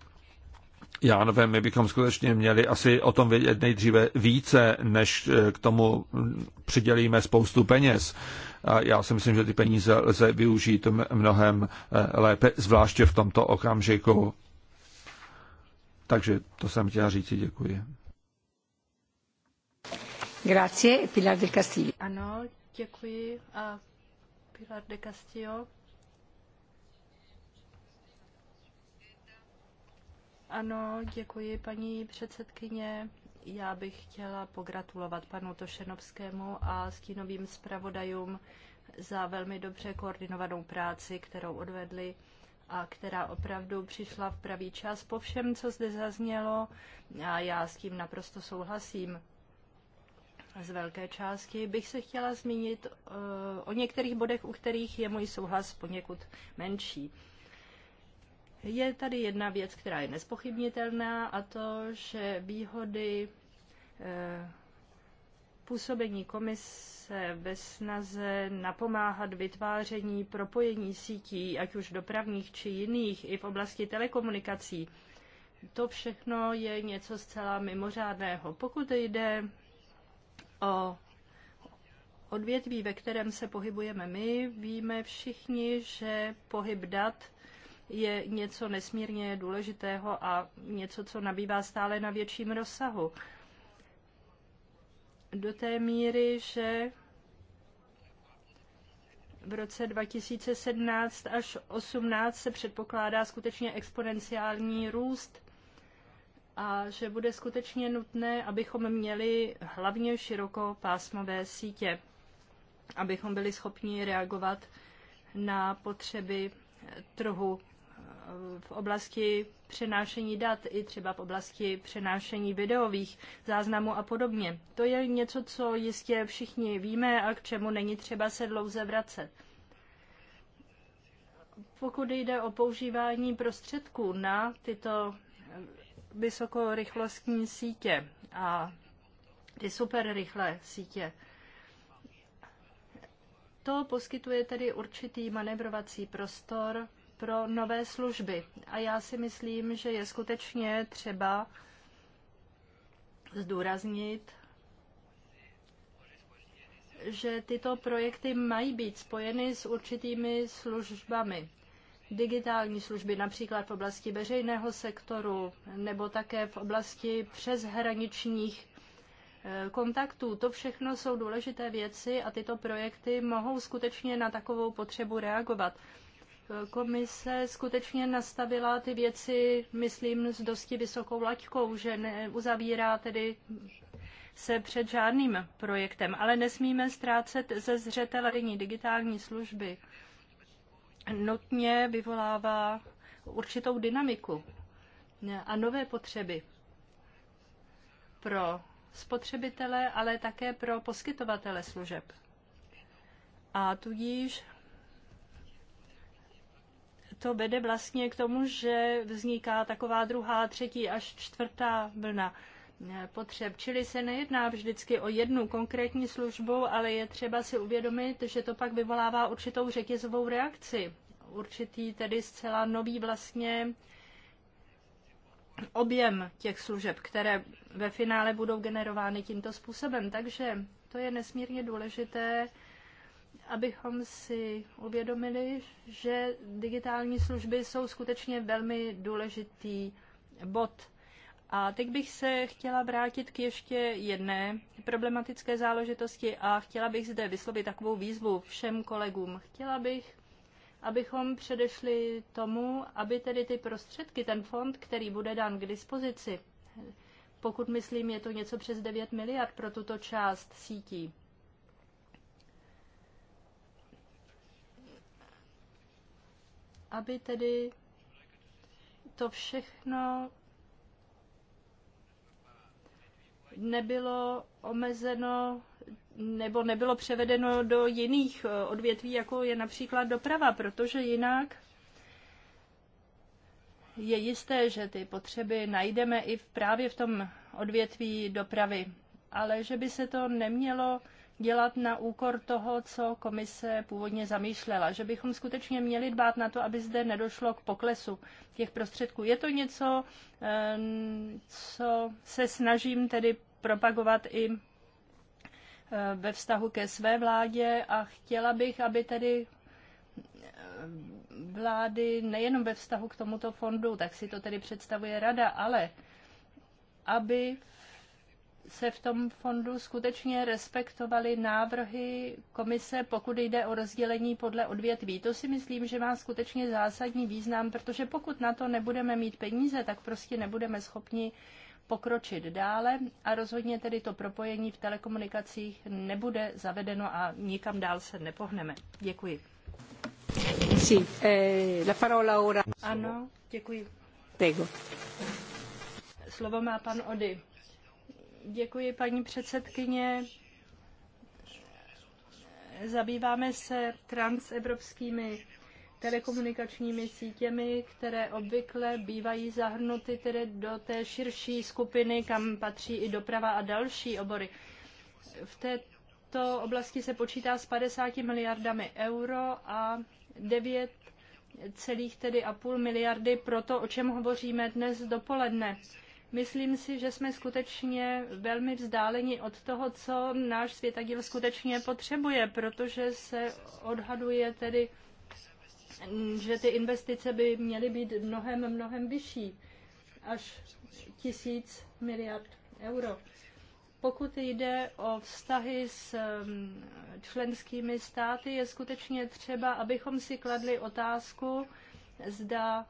já nevím, my bychom skutečně měli asi o tom vědět nejdříve více, než eh, k tomu hm, přidělíme spoustu peněz. A já si myslím, že ty peníze lze využít mnohem eh, lépe, zvláště v tomto okamžiku. Takže to jsem chtěla říct, děkuji. Grazie, Pilar de Castillo. Ano, děkuji. A Pilar de Castillo. Ano, děkuji paní předsedkyně. Já bych chtěla pogratulovat panu Tošenovskému a stínovým zpravodajům za velmi dobře koordinovanou práci, kterou odvedli a která opravdu přišla v pravý čas po všem, co zde zaznělo a já s tím naprosto souhlasím. Z velké části bych se chtěla zmínit eh, o některých bodech, u kterých je můj souhlas poněkud menší. Je tady jedna věc, která je nespochybnitelná, a to, že výhody eh, působení komise ve snaze napomáhat vytváření propojení sítí, ať už dopravních či jiných, i v oblasti telekomunikací. To všechno je něco zcela mimořádného. Pokud jde o odvětví, ve kterém se pohybujeme my, víme všichni, že pohyb dat je něco nesmírně důležitého a něco, co nabývá stále na větším rozsahu. Do té míry, že v roce 2017 až 2018 se předpokládá skutečně exponenciální růst a že bude skutečně nutné, abychom měli hlavně širokopásmové sítě, abychom byli schopni reagovat na potřeby trhu v oblasti přenášení dat, i třeba v oblasti přenášení videových záznamů a podobně. To je něco, co jistě všichni víme a k čemu není třeba se dlouze vracet. Pokud jde o používání prostředků na tyto vysokorychlostní sítě a ty superrychlé sítě, to poskytuje tedy určitý manevrovací prostor pro nové služby. A já si myslím, že je skutečně třeba zdůraznit, že tyto projekty mají být spojeny s určitými službami. Digitální služby například v oblasti veřejného sektoru nebo také v oblasti přeshraničních eh, kontaktů. To všechno jsou důležité věci a tyto projekty mohou skutečně na takovou potřebu reagovat komise skutečně nastavila ty věci, myslím, s dosti vysokou laťkou, že neuzavírá tedy se před žádným projektem, ale nesmíme ztrácet ze zřetelení digitální služby. Notně vyvolává určitou dynamiku a nové potřeby pro spotřebitele, ale také pro poskytovatele služeb. A tudíž to vede vlastně k tomu, že vzniká taková druhá, třetí až čtvrtá vlna potřeb. Čili se nejedná vždycky o jednu konkrétní službu, ale je třeba si uvědomit, že to pak vyvolává určitou řetězovou reakci. Určitý tedy zcela nový vlastně objem těch služeb, které ve finále budou generovány tímto způsobem. Takže to je nesmírně důležité abychom si uvědomili, že digitální služby jsou skutečně velmi důležitý bod. A teď bych se chtěla vrátit k ještě jedné problematické záležitosti a chtěla bych zde vyslovit takovou výzvu všem kolegům. Chtěla bych, abychom předešli tomu, aby tedy ty prostředky, ten fond, který bude dán k dispozici, pokud myslím, je to něco přes 9 miliard pro tuto část sítí, aby tedy to všechno nebylo omezeno nebo nebylo převedeno do jiných eh, odvětví, jako je například doprava, protože jinak je jisté, že ty potřeby najdeme i právě v tom odvětví dopravy, ale že by se to nemělo dělat na úkor toho, co komise původně zamýšlela. Že bychom skutečně měli dbát na to, aby zde nedošlo k poklesu těch prostředků. Je to něco, co se snažím tedy propagovat i ve vztahu ke své vládě a chtěla bych, aby tedy vlády nejenom ve vztahu k tomuto fondu, tak si to tedy představuje rada, ale aby se v tom fondu skutečně respektovaly návrhy komise, pokud jde o rozdělení podle odvětví. To si myslím, že má skutečně zásadní význam, protože pokud na to nebudeme mít peníze, tak prostě nebudeme schopni pokročit dále a rozhodně tedy to propojení v telekomunikacích nebude zavedeno a nikam dál se nepohneme. Děkuji. Sí, eh, la parola ora. Ano, děkuji. Tego. Slovo má pan Ody. Děkuji, paní předsedkyně. Zabýváme se transevropskými telekomunikačními sítěmi, které obvykle bývají zahrnuty tedy do té širší skupiny, kam patří i doprava a další obory. V této oblasti se počítá s 50 miliardami euro a 9,5 celých tedy a půl miliardy pro to, o čem hovoříme dnes dopoledne. Myslím si, že jsme skutečně velmi vzdáleni od toho, co náš světadíl skutečně potřebuje, protože se odhaduje tedy, že ty investice by měly být mnohem, mnohem vyšší, až tisíc miliard euro. Pokud jde o vztahy s mm, členskými státy, je skutečně třeba, abychom si kladli otázku, zda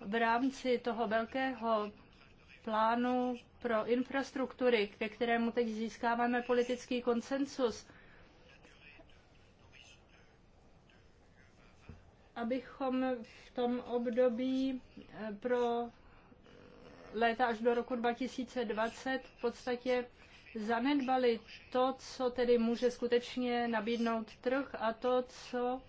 v rámci toho velkého plánu pro infrastruktury, ke kterému teď získáváme politický konsensus, abychom v tom období eh, pro léta až do roku 2020 v podstatě zanedbali to, co tedy může skutečně nabídnout trh a to, co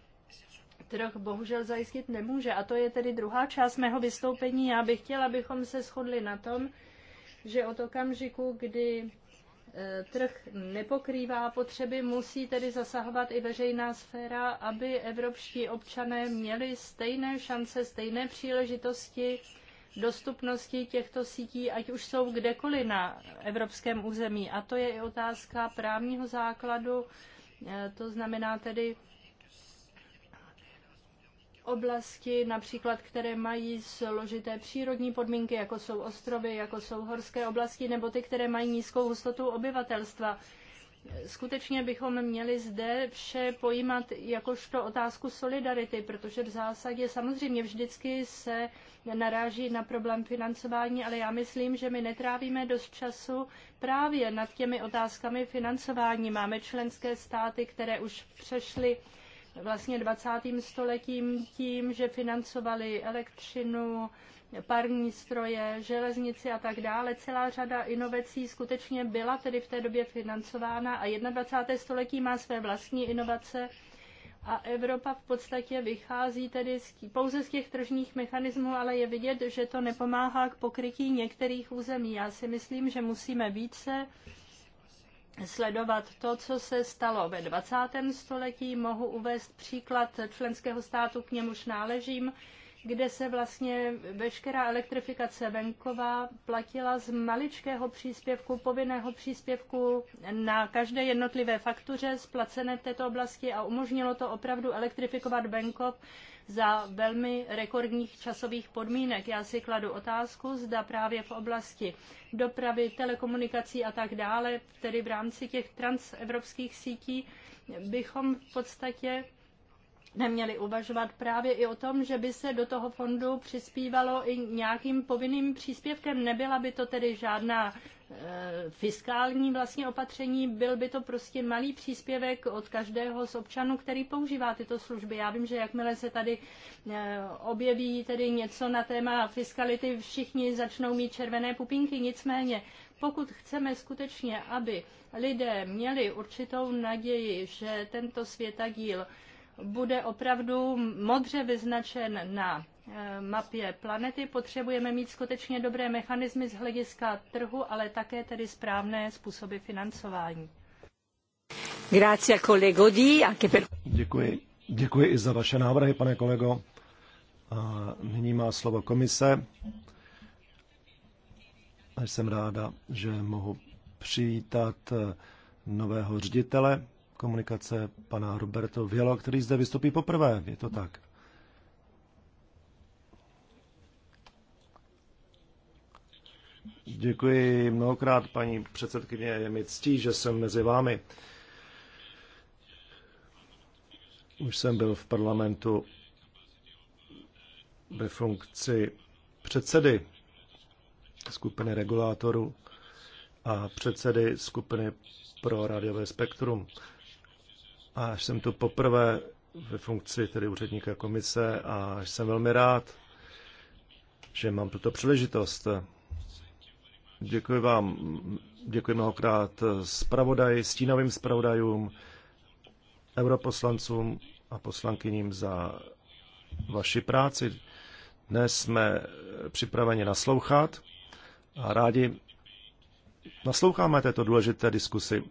trh bohužel zajistit nemůže. A to je tedy druhá část mého vystoupení. Já bych chtěla, abychom se shodli na tom, že od okamžiku, kdy e, trh nepokrývá potřeby, musí tedy zasahovat i veřejná sféra, aby evropští občané měli stejné šance, stejné příležitosti dostupnosti těchto sítí, ať už jsou kdekoliv na evropském území. A to je i otázka právního základu, e, to znamená tedy oblasti, například které mají složité přírodní podmínky, jako jsou ostrovy, jako jsou horské oblasti, nebo ty, které mají nízkou hustotu obyvatelstva. Skutečně bychom měli zde vše pojímat jakožto otázku solidarity, protože v zásadě samozřejmě vždycky se naráží na problém financování, ale já myslím, že my netrávíme dost času právě nad těmi otázkami financování. Máme členské státy, které už přešly vlastně 20. stoletím tím, že financovali elektřinu, parní stroje, železnici a tak dále. Celá řada inovací skutečně byla tedy v té době financována a 21. století má své vlastní inovace a Evropa v podstatě vychází tedy z, pouze z těch tržních mechanismů, ale je vidět, že to nepomáhá k pokrytí některých území. Já si myslím, že musíme více sledovat to, co se stalo ve 20. století. Mohu uvést příklad členského státu, k němuž náležím, kde se vlastně veškerá elektrifikace venková platila z maličkého příspěvku, povinného příspěvku na každé jednotlivé faktuře splacené v této oblasti a umožnilo to opravdu elektrifikovat venkov za velmi rekordních časových podmínek. Já si kladu otázku, zda právě v oblasti dopravy, telekomunikací a tak dále, tedy v rámci těch transevropských sítí, bychom v podstatě neměli uvažovat právě i o tom, že by se do toho fondu přispívalo i nějakým povinným příspěvkem. Nebyla by to tedy žádná e, fiskální vlastně opatření, byl by to prostě malý příspěvek od každého z občanů, který používá tyto služby. Já vím, že jakmile se tady e, objeví tedy něco na téma fiskality, všichni začnou mít červené pupinky, nicméně pokud chceme skutečně, aby lidé měli určitou naději, že tento světadíl díl bude opravdu modře vyznačen na eh, mapě planety. Potřebujeme mít skutečně dobré mechanismy z hlediska trhu, ale také tedy správné způsoby financování. Grazie, kolego Di, anche per... Děkuji. Děkuji i za vaše návrhy, pane kolego. A nyní má slovo komise. A jsem ráda, že mohu přivítat eh, nového ředitele komunikace pana Roberto Vělo, který zde vystoupí poprvé. Je to tak. Děkuji mnohokrát, paní předsedkyně. Je mi ctí, že jsem mezi vámi. Už jsem byl v parlamentu ve funkci předsedy skupiny regulátorů a předsedy skupiny pro rádiové spektrum a jsem tu poprvé ve funkci tedy úředníka komise a jsem velmi rád, že mám tuto příležitost. Děkuji vám, děkuji mnohokrát zpravodaji, stínovým zpravodajům, europoslancům a poslankyním za vaši práci. Dnes jsme připraveni naslouchat a rádi nasloucháme této důležité diskusi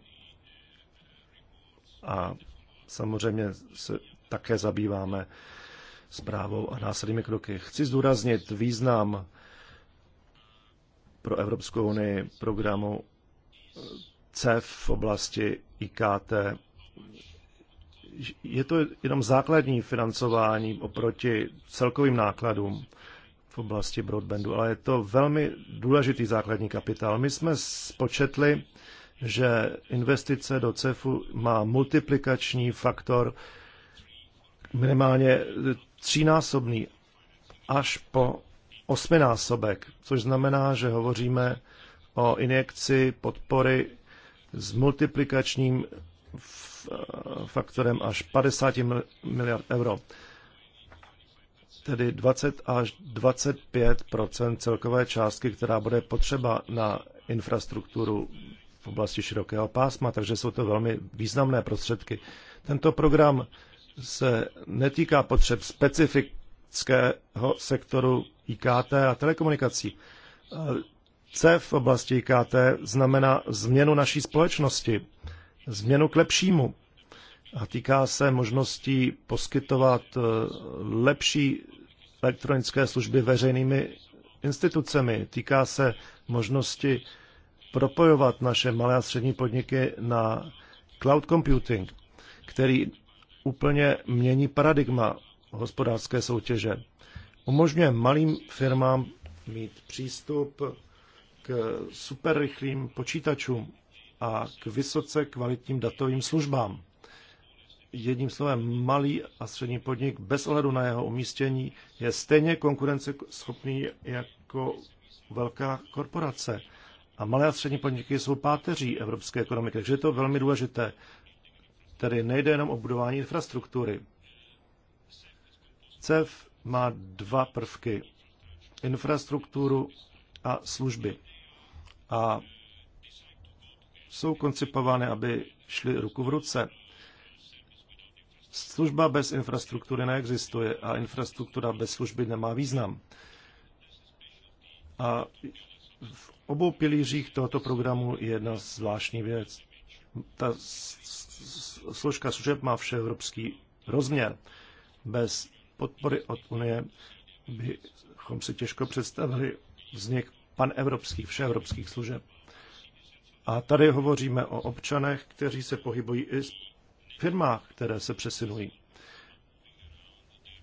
a samozřejmě se také zabýváme zprávou a následnými kroky. Chci zdůraznit význam pro Evropskou unii programu eh, CEF v oblasti IKT. Je to jenom základní financování oproti celkovým nákladům v oblasti broadbandu, ale je to velmi důležitý základní kapitál. My jsme spočetli, že investice do CEFu má multiplikační faktor minimálně třínásobný až po osminásobek, což znamená, že hovoříme o injekci podpory s multiplikačním faktorem až 50 miliard euro, tedy 20 až 25 celkové částky, která bude potřeba na infrastrukturu oblasti širokého pásma, takže jsou to velmi významné prostředky. Tento program se netýká potřeb specifického sektoru IKT a telekomunikací. C v oblasti IKT znamená změnu naší společnosti, změnu k lepšímu. A týká se možností poskytovat eh, lepší elektronické služby veřejnými institucemi. Týká se možnosti propojovat naše malé a střední podniky na cloud computing, který úplně mění paradigma hospodářské soutěže. Umožňuje malým firmám mít přístup k superrychlým počítačům a k vysoce kvalitním datovým službám. Jedním slovem, malý a střední podnik bez ohledu na jeho umístění je stejně konkurenceschopný jako velká korporace. A malé a střední podniky jsou páteří evropské ekonomiky, takže je to velmi důležité. Tedy nejde jenom o budování infrastruktury. CEF má dva prvky. Infrastrukturu a služby. A jsou koncipovány, aby šly ruku v ruce. Služba bez infrastruktury neexistuje a infrastruktura bez služby nemá význam. A v obou pilířích tohoto programu je jedna zvláštní věc. Ta složka služeb má všeevropský rozměr. Bez podpory od Unie bychom si těžko představili vznik panevropských, všeevropských služeb. A tady hovoříme o občanech, kteří se pohybují i v firmách, které se přesunují.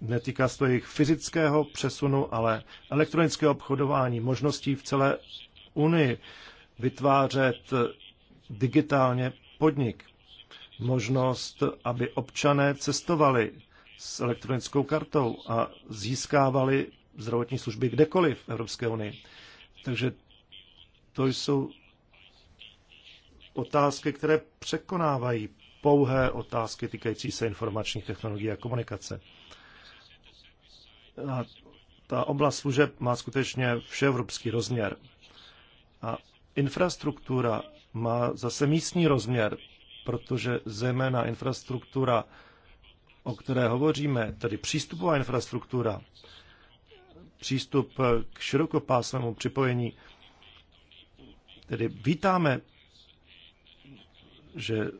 Netýká se to jejich fyzického přesunu, ale elektronického obchodování, možností v celé unii vytvářet digitálně podnik. Možnost, aby občané cestovali s elektronickou kartou a získávali zdravotní služby kdekoliv v Evropské unii. Takže to jsou otázky, které překonávají pouhé otázky týkající se informačních technologií a komunikace. A ta oblast služeb má skutečně všeevropský rozměr. A infrastruktura má zase místní rozměr, protože zejména infrastruktura, o které hovoříme, tedy přístupová infrastruktura, přístup k širokopásmému připojení, tedy vítáme, že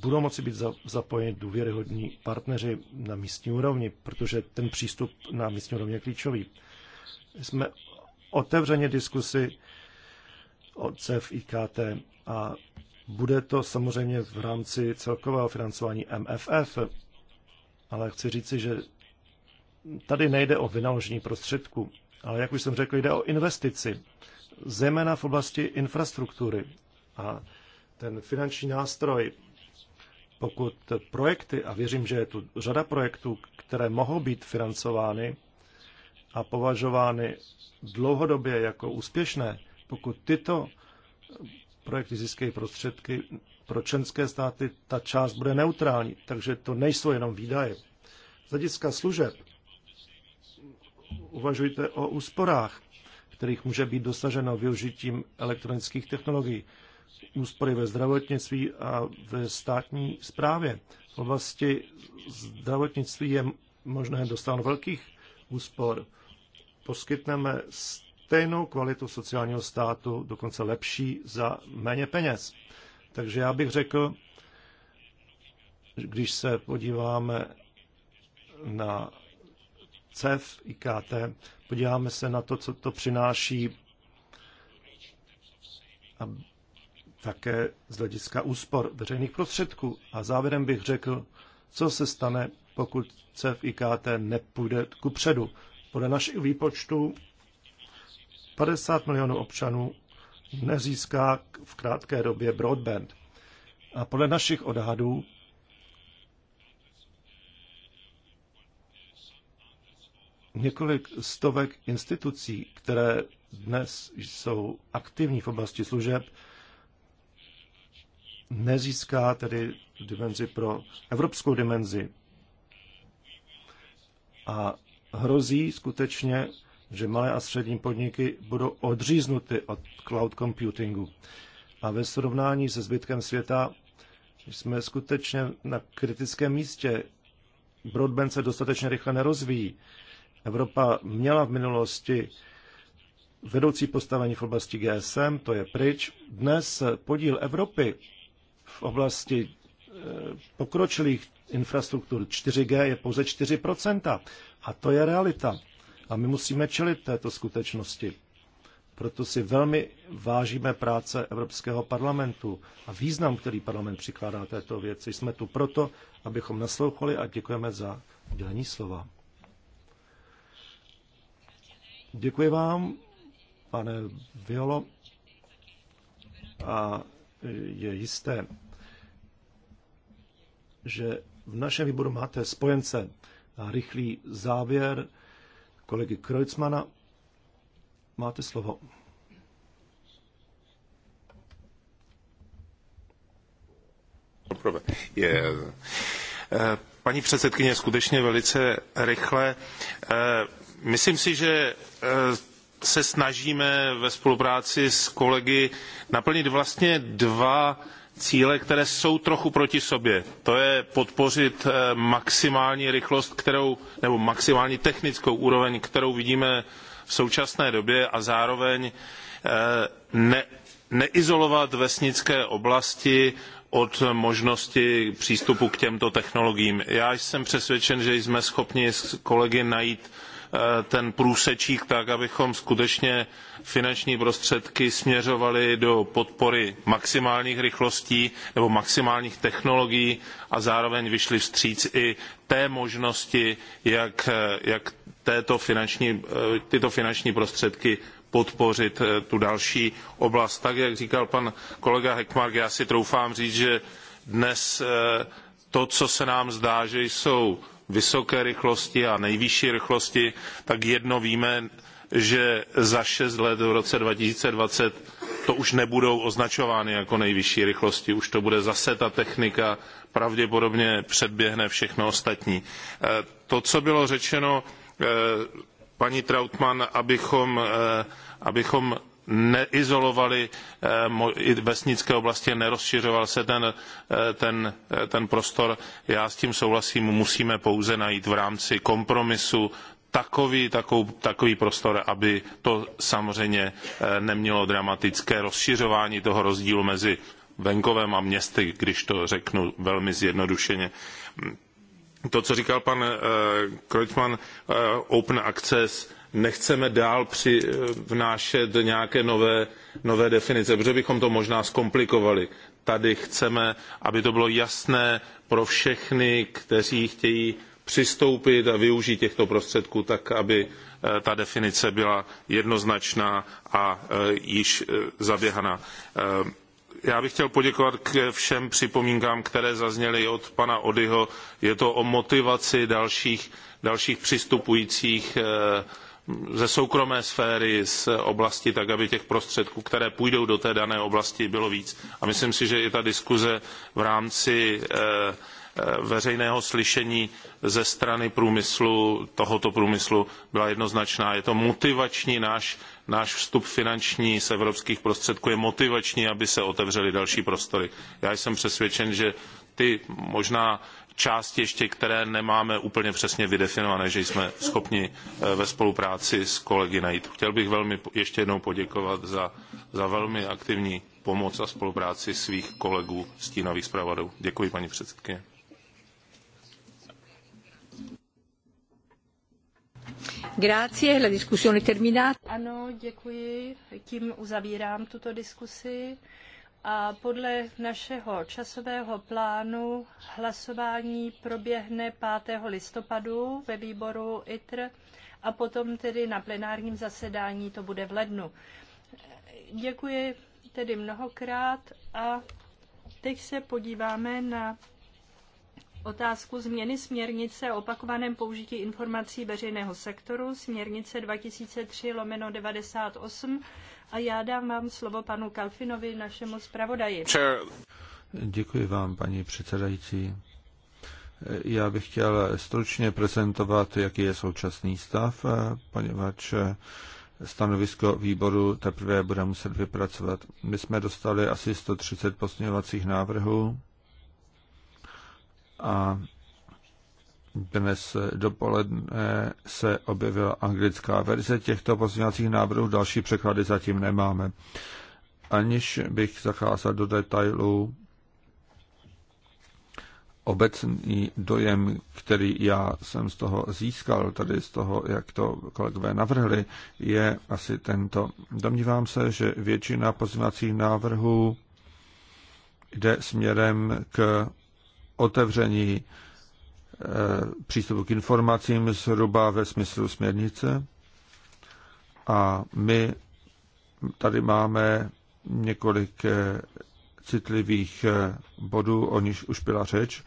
budou moci být zapojeni důvěryhodní partneři na místní úrovni, protože ten přístup na místní úrovni je klíčový. Jsme otevřeně diskusy, odsev IKT a bude to samozřejmě v rámci celkového financování MFF, ale chci říci, že tady nejde o vynaložení prostředků, ale jak už jsem řekl, jde o investici, zejména v oblasti infrastruktury. A ten finanční nástroj, pokud projekty, a věřím, že je tu řada projektů, které mohou být financovány a považovány dlouhodobě jako úspěšné, pokud tyto projekty získají prostředky pro členské státy, ta část bude neutrální, takže to nejsou jenom výdaje. Z hlediska služeb uvažujte o úsporách, kterých může být dosaženo využitím elektronických technologií. Úspory ve zdravotnictví a ve státní správě. V oblasti zdravotnictví je možné dostat velkých úspor. Poskytneme stejnou kvalitu sociálního státu, dokonce lepší za méně peněz. Takže já bych řekl, když se podíváme na CEF, IKT, podíváme se na to, co to přináší a také z hlediska úspor veřejných prostředků. A závěrem bych řekl, co se stane, pokud CEF IKT nepůjde ku předu. Podle našich výpočtů 50 milionů občanů nezíská v krátké době broadband. A podle našich odhadů několik stovek institucí, které dnes jsou aktivní v oblasti služeb, nezíská tedy dimenzi pro evropskou dimenzi. A hrozí skutečně, že malé a střední podniky budou odříznuty od cloud computingu. A ve srovnání se zbytkem světa jsme skutečně na kritickém místě. Broadband se dostatečně rychle nerozvíjí. Evropa měla v minulosti vedoucí postavení v oblasti GSM, to je pryč. Dnes podíl Evropy v oblasti eh, pokročilých infrastruktur 4G je pouze 4%. A to je realita. A my musíme čelit této skutečnosti. Proto si velmi vážíme práce Evropského parlamentu a význam, který parlament přikládá této věci. Jsme tu proto, abychom naslouchali a děkujeme za udělení slova. Děkuji vám, pane Violo. A je jisté, že v našem výboru máte spojence a rychlý závěr kolegy Kreutzmana. Máte slovo. Je. Eh, paní předsedkyně, skutečně velice rychle. Eh, myslím si, že eh, se snažíme ve spolupráci s kolegy naplnit vlastně dva cíle, které jsou trochu proti sobě. To je podpořit eh, maximální rychlost, kterou, nebo maximální technickou úroveň, kterou vidíme v současné době a zároveň eh, ne, neizolovat vesnické oblasti od možnosti přístupu k těmto technologiím. Já jsem přesvědčen, že jsme schopni s kolegy najít Eh, ten průsečík tak, abychom skutečně finanční prostředky směřovali do podpory maximálních rychlostí nebo maximálních technologií a zároveň vyšli vstříc i té možnosti, jak, eh, jak této finanční, eh, tyto finanční prostředky podpořit tu další oblast. Tak, jak říkal pan kolega Heckmark, já si troufám říct, že dnes to, co se nám zdá, že jsou vysoké rychlosti a nejvyšší rychlosti, tak jedno víme, že za šest let v roce 2020 to už nebudou označovány jako nejvyšší rychlosti, už to bude zase ta technika, pravděpodobně předběhne všechno ostatní. E, to, co bylo řečeno e, paní Trautmann, abychom, e, abychom neizolovaly eh, vesnické oblasti, nerozšiřoval se ten, eh, ten, eh, ten prostor. Já s tím souhlasím, musíme pouze najít v rámci kompromisu takový, takový prostor, aby to samozřejmě nemělo dramatické rozšiřování toho rozdílu mezi venkovem a městy, když to řeknu velmi zjednodušeně. To, co říkal pan Kreutzmann, Open Access, nechceme dál při, eh, vnášet nějaké nové, nové definice, protože bychom to možná zkomplikovali. Tady chceme, aby to bylo jasné pro všechny, kteří chtějí přistoupit a využít těchto prostředků tak, aby eh, ta definice byla jednoznačná a eh, již zaběhaná. Já bych chtěl poděkovat k všem připomínkám, které zazněly od pana Odyho. Je to o motivaci dalších, dalších přistupujících ze soukromé sféry, z oblasti, tak aby těch prostředků, které půjdou do té dané oblasti, bylo víc. A myslím si, že i ta diskuze v rámci eh, eh, veřejného slyšení ze strany průmyslu, tohoto průmyslu, byla jednoznačná. Je to motivační, náš, náš vstup finanční z evropských prostředků je motivační, aby se otevřely další prostory. Já jsem přesvědčen, že ty možná části ještě, které nemáme úplně přesně vydefinované, že jsme schopni eh, ve spolupráci s kolegy najít. Chtěl bych velmi ještě jednou poděkovat za, za velmi aktivní pomoc a spolupráci svých kolegů stínových zpravodů. Děkuji, paní předsedkyně. Grazie, la discussione terminata. Ano, děkuji. Tím uzavírám tuto diskusi a podle našeho časového plánu hlasování proběhne 5. listopadu ve výboru ITR a potom tedy na plenárním zasedání to bude v lednu. Děkuji tedy mnohokrát a teď se podíváme na otázku změny směrnice o opakovaném použití informací veřejného sektoru, směrnice 2003 lomeno 98 a já dám vám slovo panu Kalfinovi, našemu zpravodaji. Děkuji vám, paní předsedající. Já bych chtěl stručně prezentovat, jaký je současný stav, poněvadž stanovisko výboru teprve bude muset vypracovat. My jsme dostali asi 130 posměvacích návrhů a dnes dopoledne se objevila anglická verze těchto pozměňovacích návrhů, další překlady zatím nemáme. Aniž bych zacházel do detailů, obecný dojem, který já jsem z toho získal, tady z toho, jak to kolegové navrhli, je asi tento. Domnívám se, že většina pozměňovacích návrhů jde směrem k otevření Eh, přístupu k informacím zhruba ve smyslu směrnice. A my tady máme několik eh, citlivých eh, bodů, o nich už byla řeč,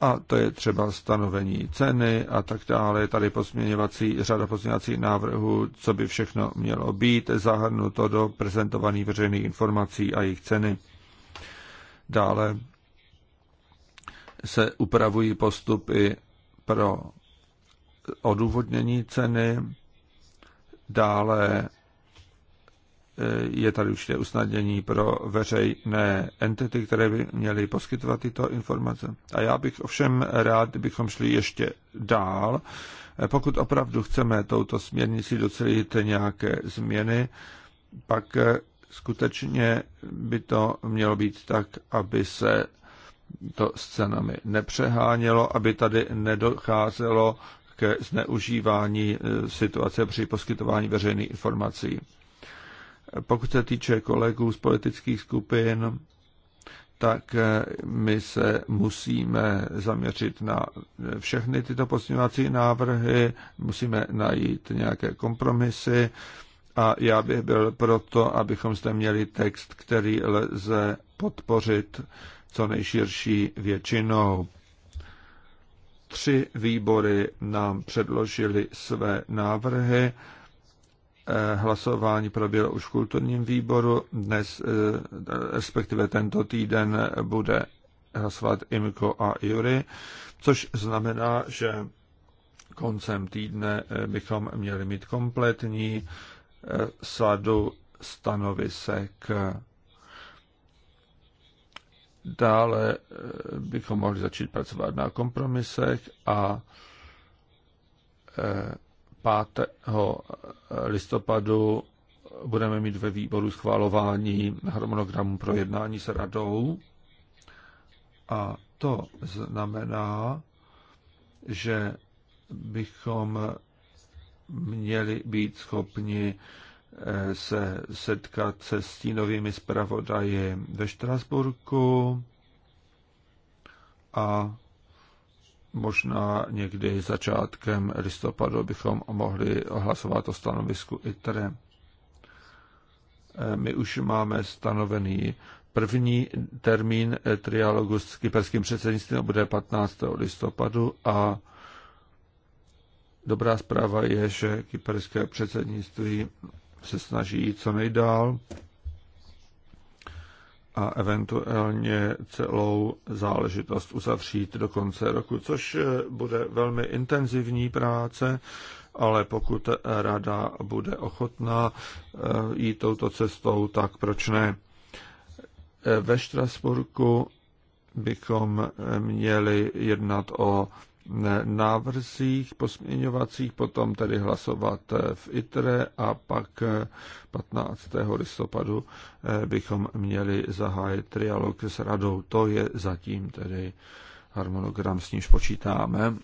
a to je třeba stanovení ceny a tak dále. Tady posměňovací řada pozměňovacích návrhů, co by všechno mělo být, zahrnuto do prezentovaných veřejných informací a jejich ceny. Dále se upravují postupy pro odůvodnění ceny, dále e, je tady určitě usnadnění pro veřejné entity, které by měly poskytovat tyto informace. A já bych ovšem rád, kdybychom šli ještě dál. E, pokud opravdu chceme touto směrnici docelit nějaké změny, pak e, skutečně by to mělo být tak, aby se to s cenami nepřehánělo, aby tady nedocházelo ke zneužívání e, situace při poskytování veřejných informací. Pokud se týče kolegů z politických skupin, tak e, my se musíme zaměřit na e, všechny tyto pozměňovací návrhy, musíme najít nějaké kompromisy a já bych byl proto, abychom zde měli text, který lze podpořit co nejširší většinou. Tři výbory nám předložili své návrhy. Eh, hlasování proběhlo už v kulturním výboru. Dnes, eh, respektive tento týden, bude hlasovat Imko a Jury, což znamená, že koncem týdne eh, bychom měli mít kompletní sadu stanovisek Dále eh, bychom mohli začít pracovat na kompromisech a 5. Eh, listopadu budeme mít ve výboru schválování harmonogramu pro jednání s radou. A to znamená, že bychom měli být schopni se setkat se stínovými zpravodaji ve Štrasburku a možná někdy začátkem listopadu bychom mohli hlasovat o stanovisku ITRE. My už máme stanovený první termín trialogu s kyperským předsednictvím, bude 15. listopadu a dobrá zpráva je, že kyperské předsednictví se snaží jít co nejdál a eventuálně celou záležitost uzavřít do konce roku, což eh, bude velmi intenzivní práce, ale pokud rada bude ochotná eh, jít touto cestou, tak proč ne? Eh, ve Štrasburku bychom měli jednat o návrzích posměňovacích, potom tedy hlasovat v ITRE a pak 15. listopadu eh, bychom měli zahájit trialog s radou. To je zatím tedy harmonogram, s nímž počítáme.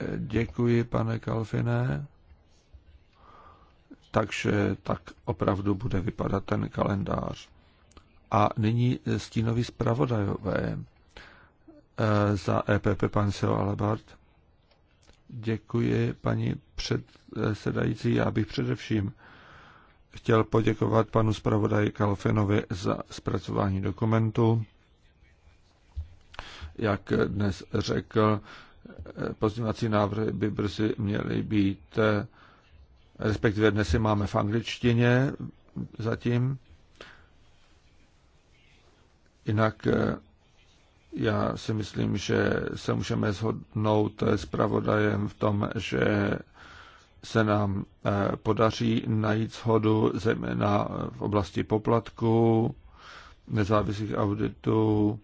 Eh, děkuji, pane Kalfiné. Takže tak opravdu bude vypadat ten kalendář. A nyní stínoví zpravodajové eh, za EPP pan Seo Alabart. Děkuji, paní předsedající. Já bych především chtěl poděkovat panu zpravodaji Kalfenovi za zpracování dokumentu. Jak dnes řekl, pozdňovací návrhy by brzy měly být, respektive dnes je máme v angličtině zatím. Jinak já si myslím, že se můžeme shodnout s pravodajem v tom, že se nám eh, podaří najít shodu zejména v oblasti poplatků, nezávislých auditů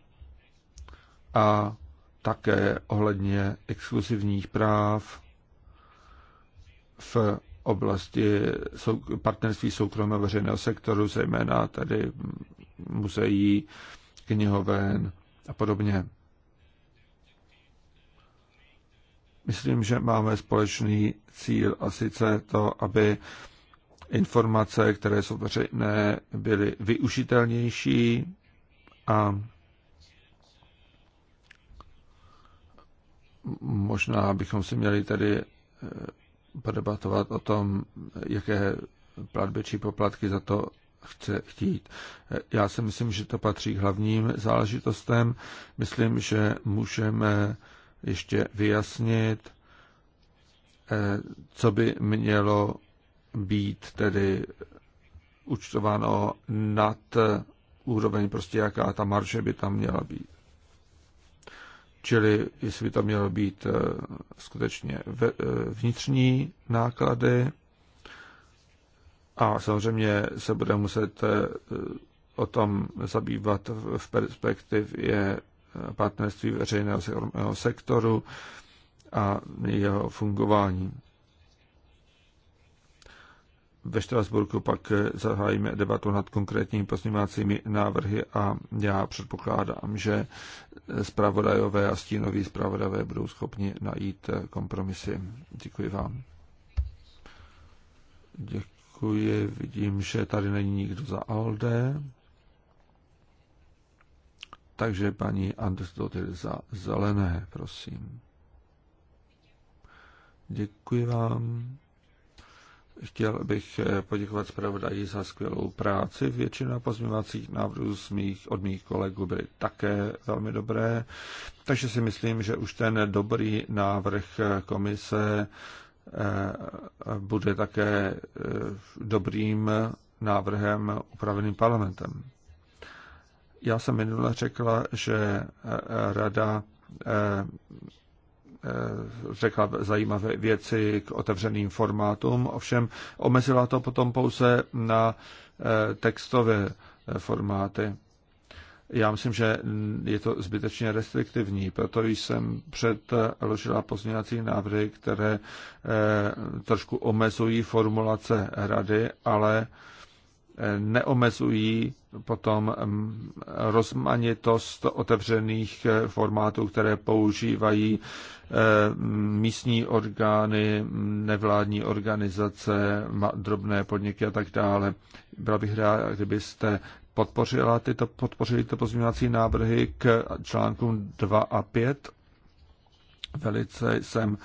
a také ohledně exkluzivních práv v oblasti partnerství soukromého veřejného sektoru, zejména tady muzeí, knihoven a podobně. Myslím, že máme společný cíl a sice to, aby informace, které jsou veřejné, byly využitelnější a možná bychom si měli tady eh, podebatovat o tom, jaké platby či poplatky za to chce chtít. Já si myslím, že to patří k hlavním záležitostem. Myslím, že můžeme ještě vyjasnit, eh, co by mělo být tedy účtováno nad úroveň, prostě jaká ta marže by tam měla být. Čili jestli by tam mělo být eh, skutečně eh, vnitřní náklady, a samozřejmě se bude muset eh, o tom zabývat v perspektivě eh, partnerství veřejného eh, sektoru a jeho fungování. Ve Štrasburku pak zahájíme debatu nad konkrétními pozměňovacími návrhy a já předpokládám, že zpravodajové a stínoví zpravodajové budou schopni najít kompromisy. Děkuji vám. Děkuji děkuji. Vidím, že tady není nikdo za ALDE. Takže paní Andersdottir za zelené, prosím. Děkuji vám. Chtěl bych poděkovat zpravodaji za skvělou práci. Většina pozměňovacích návrhů z mých, od mých kolegů byly také velmi dobré, takže si myslím, že už ten dobrý návrh komise Eh, bude také eh, dobrým návrhem upraveným parlamentem. Já jsem minule řekla, že eh, rada řekla zajímavé věci k otevřeným formátům, ovšem omezila to potom pouze na textové formáty. Já myslím, že je to zbytečně restriktivní, proto jsem předložila pozměňovací návrhy, které eh, trošku omezují formulace rady, ale eh, neomezují potom mm, rozmanitost otevřených eh, formátů, které používají místní orgány, nevládní organizace, drobné podniky a tak dále. Byla bych rád, kdybyste podpořila tyto, podpořili tyto pozměňovací návrhy k článkům 2 a 5. Velice jsem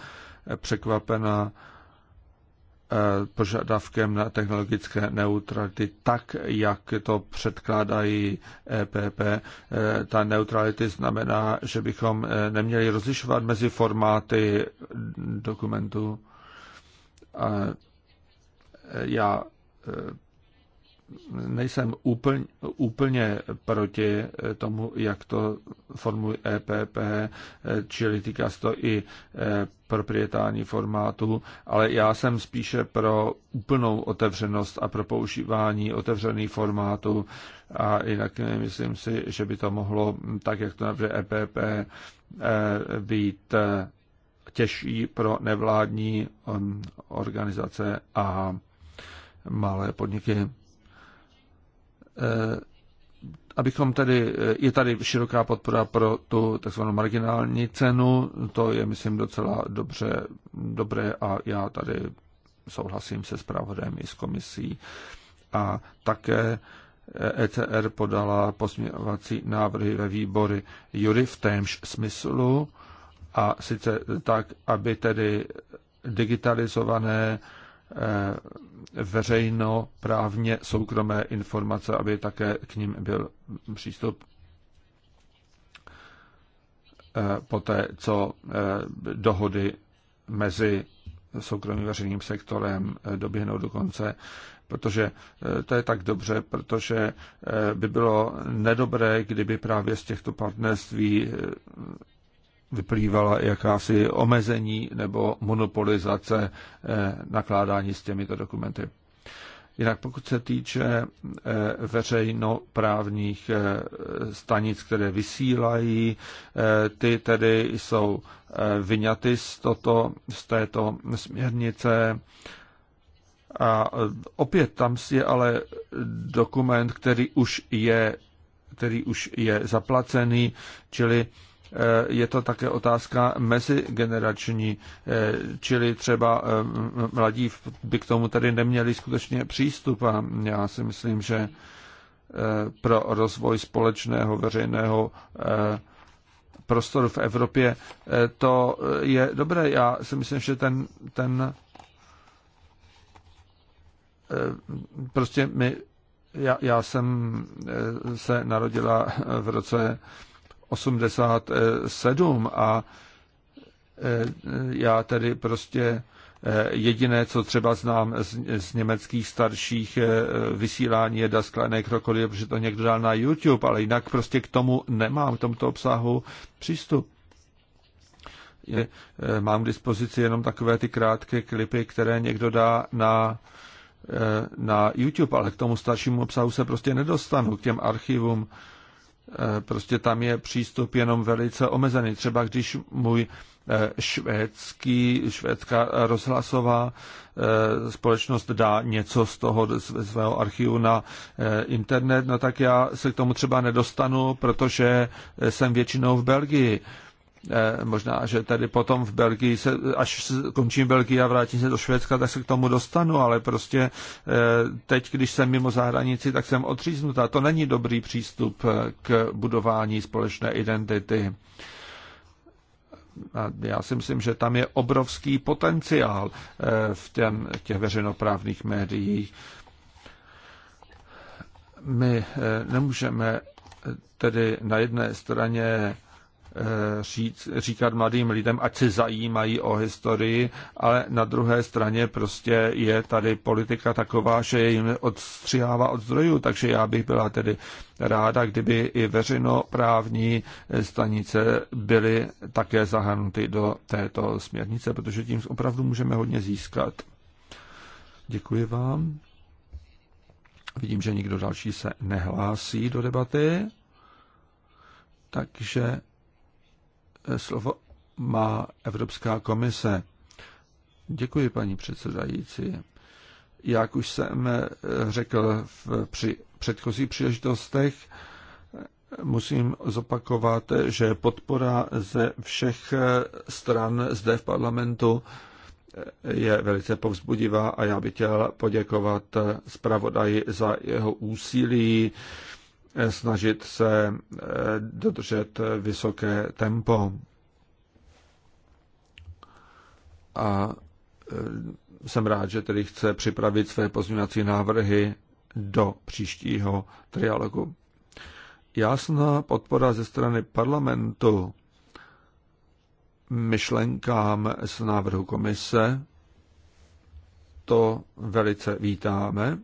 překvapena eh, požadavkem na technologické neutrality, tak jak to předkládají EPP. Eh, eh, ta neutrality znamená, že bychom neměli rozlišovat mezi formáty dokumentů. Já nejsem úplně, úplně proti tomu, jak to formuje EPP, čili týká se to i e, proprietární formátu, ale já jsem spíše pro úplnou otevřenost a pro používání otevřených formátů a jinak myslím si, že by to mohlo, tak jak to například EPP, e, být e, těžší pro nevládní um, organizace a malé podniky. Eh, abychom tedy, eh, je tady široká podpora pro tu takzvanou marginální cenu, to je, myslím, docela dobře, dobré a já tady souhlasím se zpravodajem i s komisí. A také ECR eh, e podala posměvací návrhy ve výbory jury v témž smyslu a sice tak, aby tedy digitalizované Eh, veřejno právně soukromé informace, aby také k ním byl přístup eh, po té, co eh, dohody mezi soukromým veřejným sektorem doběhnou do konce, protože to je tak dobře, protože by bylo nedobré, kdyby právě z těchto partnerství vyplývala jakási omezení nebo monopolizace eh, nakládání s těmito dokumenty. Jinak pokud se týče eh, veřejnoprávních eh, stanic, které vysílají, ty tedy jsou vyňaty z, toto, z této směrnice. A opět tam je ale dokument, který už je, který už je zaplacený, čili Eh, je to také otázka mezigenerační, eh, čili třeba eh, mladí by k tomu tady neměli skutečně přístup a já si myslím, že pro rozvoj společného veřejného prostoru v Evropě, to je dobré. Já si myslím, že ten, ten prostě my, já, já jsem se narodila v roce 87 a e, já tedy prostě e, jediné, co třeba znám z, z německých starších e, vysílání je Dasklené krokodýl, protože to někdo dal na YouTube, ale jinak prostě k tomu nemám, k tomuto obsahu přístup. Je, mám k dispozici jenom takové ty krátké klipy, které někdo dá na na YouTube, ale k tomu staršímu obsahu se prostě nedostanu, k těm archivům. Eh, prostě tam je přístup jenom velice omezený. Třeba když můj eh, švédský, švédská rozhlasová eh, společnost dá něco z toho svého archivu na internet, no tak já se k tomu třeba nedostanu, protože jsem většinou v Belgii. Eh, možná, že tady potom v Belgii, se, až končím Belgii a vrátím se do Švédska, tak se k tomu dostanu, ale prostě eh, teď, když jsem mimo zahranici, tak jsem odříznutá. To není dobrý přístup eh, k budování společné identity. A já si myslím, že tam je obrovský potenciál v těm, těch veřejnoprávných médiích. My nemůžeme tedy na jedné straně říct, říkat mladým lidem, ať se zajímají o historii, ale na druhé straně prostě je tady politika taková, že jim odstřihává od zdrojů, takže já bych byla tedy ráda, kdyby i veřejnoprávní stanice byly také zahrnuty do této směrnice, protože tím opravdu můžeme hodně získat. Děkuji vám. Vidím, že nikdo další se nehlásí do debaty. Takže Eh, slovo má Evropská komise. Děkuji, paní předsedající. Jak už jsem eh, řekl v, při předchozích příležitostech, eh, musím zopakovat, že podpora ze všech stran zde v parlamentu je velice povzbudivá a já bych chtěl poděkovat zpravodaji za jeho úsilí Eh, snažit se eh, dodržet vysoké tempo. A eh, jsem rád, že tedy chce připravit své pozměňovací návrhy do příštího trialogu. Jasná podpora ze strany parlamentu myšlenkám z návrhu komise, to velice vítáme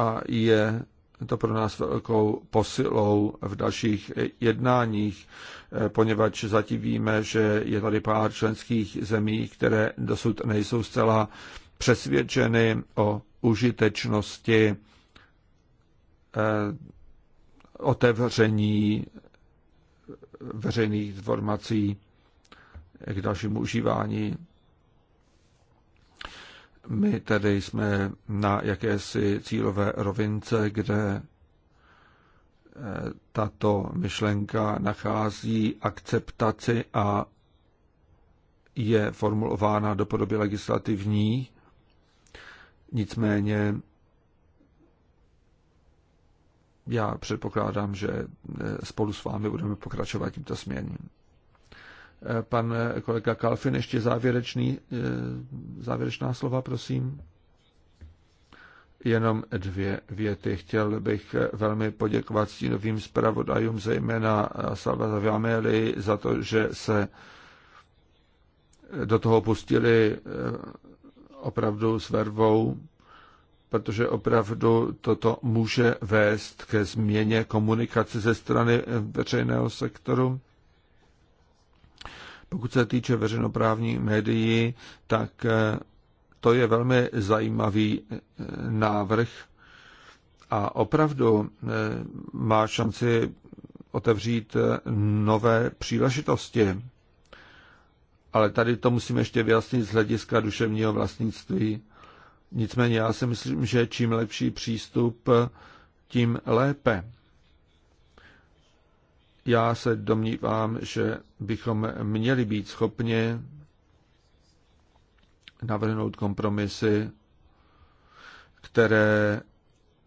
a je to pro nás velkou posilou v dalších jednáních, eh, poněvadž zatím víme, že je tady pár členských zemí, které dosud nejsou zcela přesvědčeny o užitečnosti eh, otevření veřejných informací k dalšímu užívání. My tedy jsme na jakési cílové rovince, kde eh, tato myšlenka nachází akceptaci a je formulována do podoby legislativní. Nicméně já předpokládám, že eh, spolu s vámi budeme pokračovat tímto směrem. Pan kolega Kalfin, ještě závěrečný, eh, závěrečná slova, prosím. Jenom dvě věty. Chtěl bych velmi poděkovat stínovým zpravodajům, zejména Salvador Ameli, za to, že se do toho pustili eh, opravdu s vervou, protože opravdu toto může vést ke změně komunikace ze strany veřejného sektoru. Pokud se týče veřejnoprávní médií, tak eh, to je velmi zajímavý eh, návrh a opravdu eh, má šanci otevřít nové příležitosti. Ale tady to musíme ještě vyjasnit z hlediska duševního vlastnictví. Nicméně já si myslím, že čím lepší přístup, tím lépe já se domnívám, že bychom měli být schopni navrhnout kompromisy, které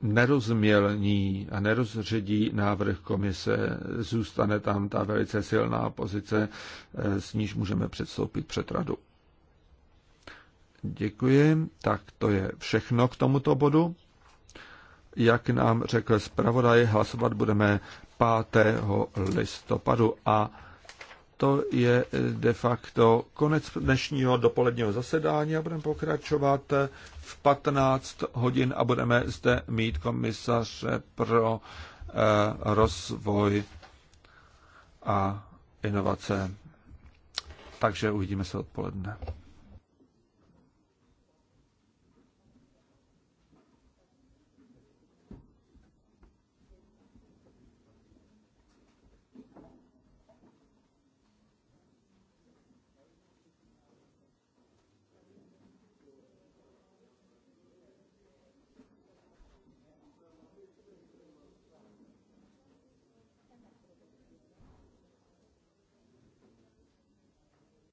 nerozmělní a nerozředí návrh komise, zůstane tam ta velice silná pozice, s níž můžeme předstoupit před radu. Děkuji. Tak to je všechno k tomuto bodu. Jak nám řekl zpravodaj, hlasovat budeme 5. listopadu a to je de facto konec dnešního dopoledního zasedání a budeme pokračovat v 15 hodin a budeme zde mít komisaře pro eh, rozvoj a inovace. Takže uvidíme se odpoledne.